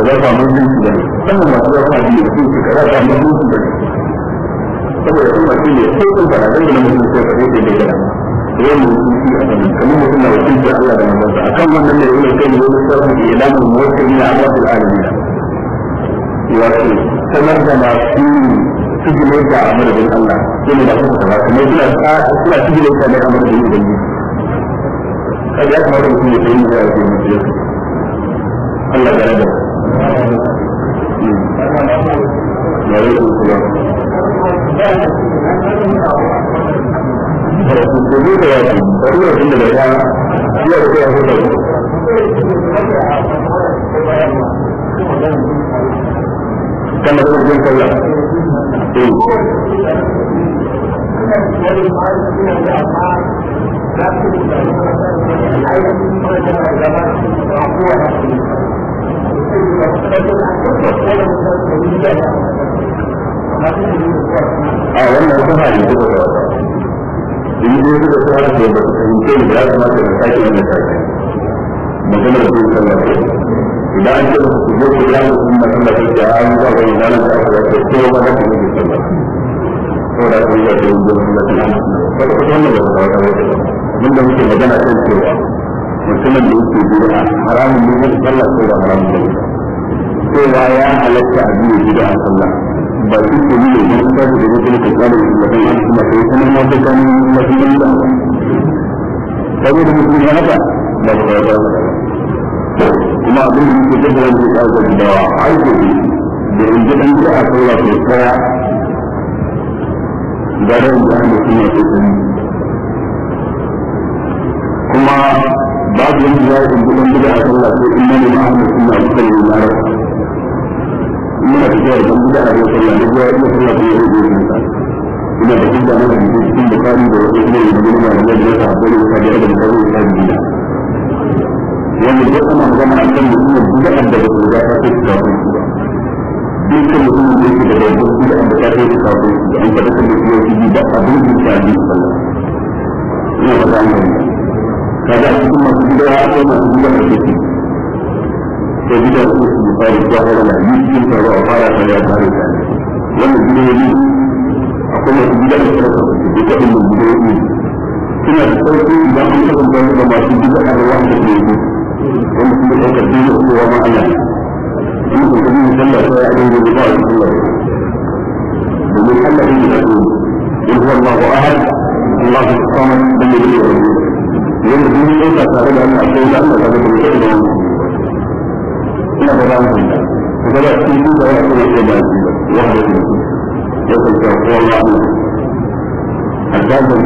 da kyan su ki wannan shi a kan kamar mutum na wakil da Allah da manzansa akan wannan ne yana kai ne sarfi da ilamin mutum na Allah da alamin wato sanar da masu sigile da amurbin Allah yana da kuma kaza kuma suna suna sigile da ne amurbin Ubangiji kaga ya da mutum ya da ya ce mutum ya Allah ya rada hmm. Wa alaikum salam. karatu ah, da da kuma da jin wannan in dai da fara da ba su fahimce ni ya kamata in sake wannan sake magana da zai sallah ce idan an ce su zo su ya musu na sallah ta ce an ba wani ranar da aka wace ba za su yi sallah ko da kun ga da yin sallah ta ba ta wannan da ba ta wace abin da muke magana kan cewa mutumin da yake bid'a haramun ne sallah ko ba haramun ne cewa ya halatta a biyu a sallah ba shi ke nuna ne ta su da wasu lokacin da su da kuma sai kuma ma kan masu yin da saboda mutum ya haka ba su da kuma abin da tafi da wani da ya da aiki da in ji dan ji a ba da tsaya da ran da an da kuma ko kuma kuma babu wani da ya in ji dan ji a saura ko da ne ma'amala kuma a cikin lalata muna tafiya da kan gudanar da sallah ya zuwa da ina da kuma da cikin bukari da wasu kuma da da ya sa bari ka da ta biya ya a kan mutum da ta ta da ta ta ta ta ta an faɗa kan mutum ya fi da abin da ta bi sallah ina ba ta a cikin masu gudanar da masu gudanar da ko bida su su yi fari ko hana na yi cikin taro a fara ta ya fara ta ne yi a akwai su bida da sarrafa su ke kaɗin da bidiyoyi suna da sauƙi idan an kasance da masu bida a ruwan da ke yi wanda su da ɗaukar dole kowa ma ana yi in ku kaɗin sallah ta ya ɗin gobe ba a sallah domin Allah ya yi da su in huwa Allahu ahad Allahu samad lam yalid da lam yulad yanda duk ɗauka tare da Allah sai Allah ya ga da mutum da ina da ran ku ku ga da wani ne da ya da shi ya ku ta ko da yake ko da wannan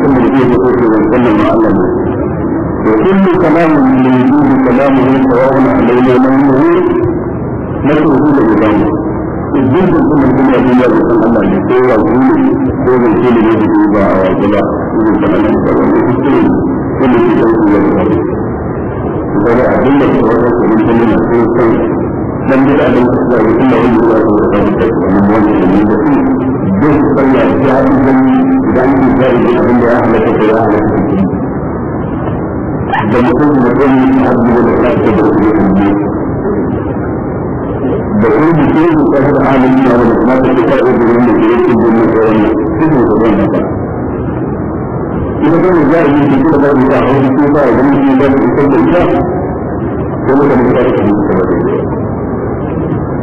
ma Allah ne to kullu na to da ran idan kun kuma kun da duniya da san Allah ne ko wa ku ko ne ke da ne ba a wata ba ku da Allah da ne kuskure kullu da ku da ran ne da abin da ku wata ku dan bid'a da kuma da kuma da kuma da kuma da kuma da kuma duk sallah ya yi gani idan ki zai yi abin ya halaka da ya halaka da mutum da kan yi abin da da ya ke da wani wani da da wani da wani ba a yi shi kuma da wani da wani da da da da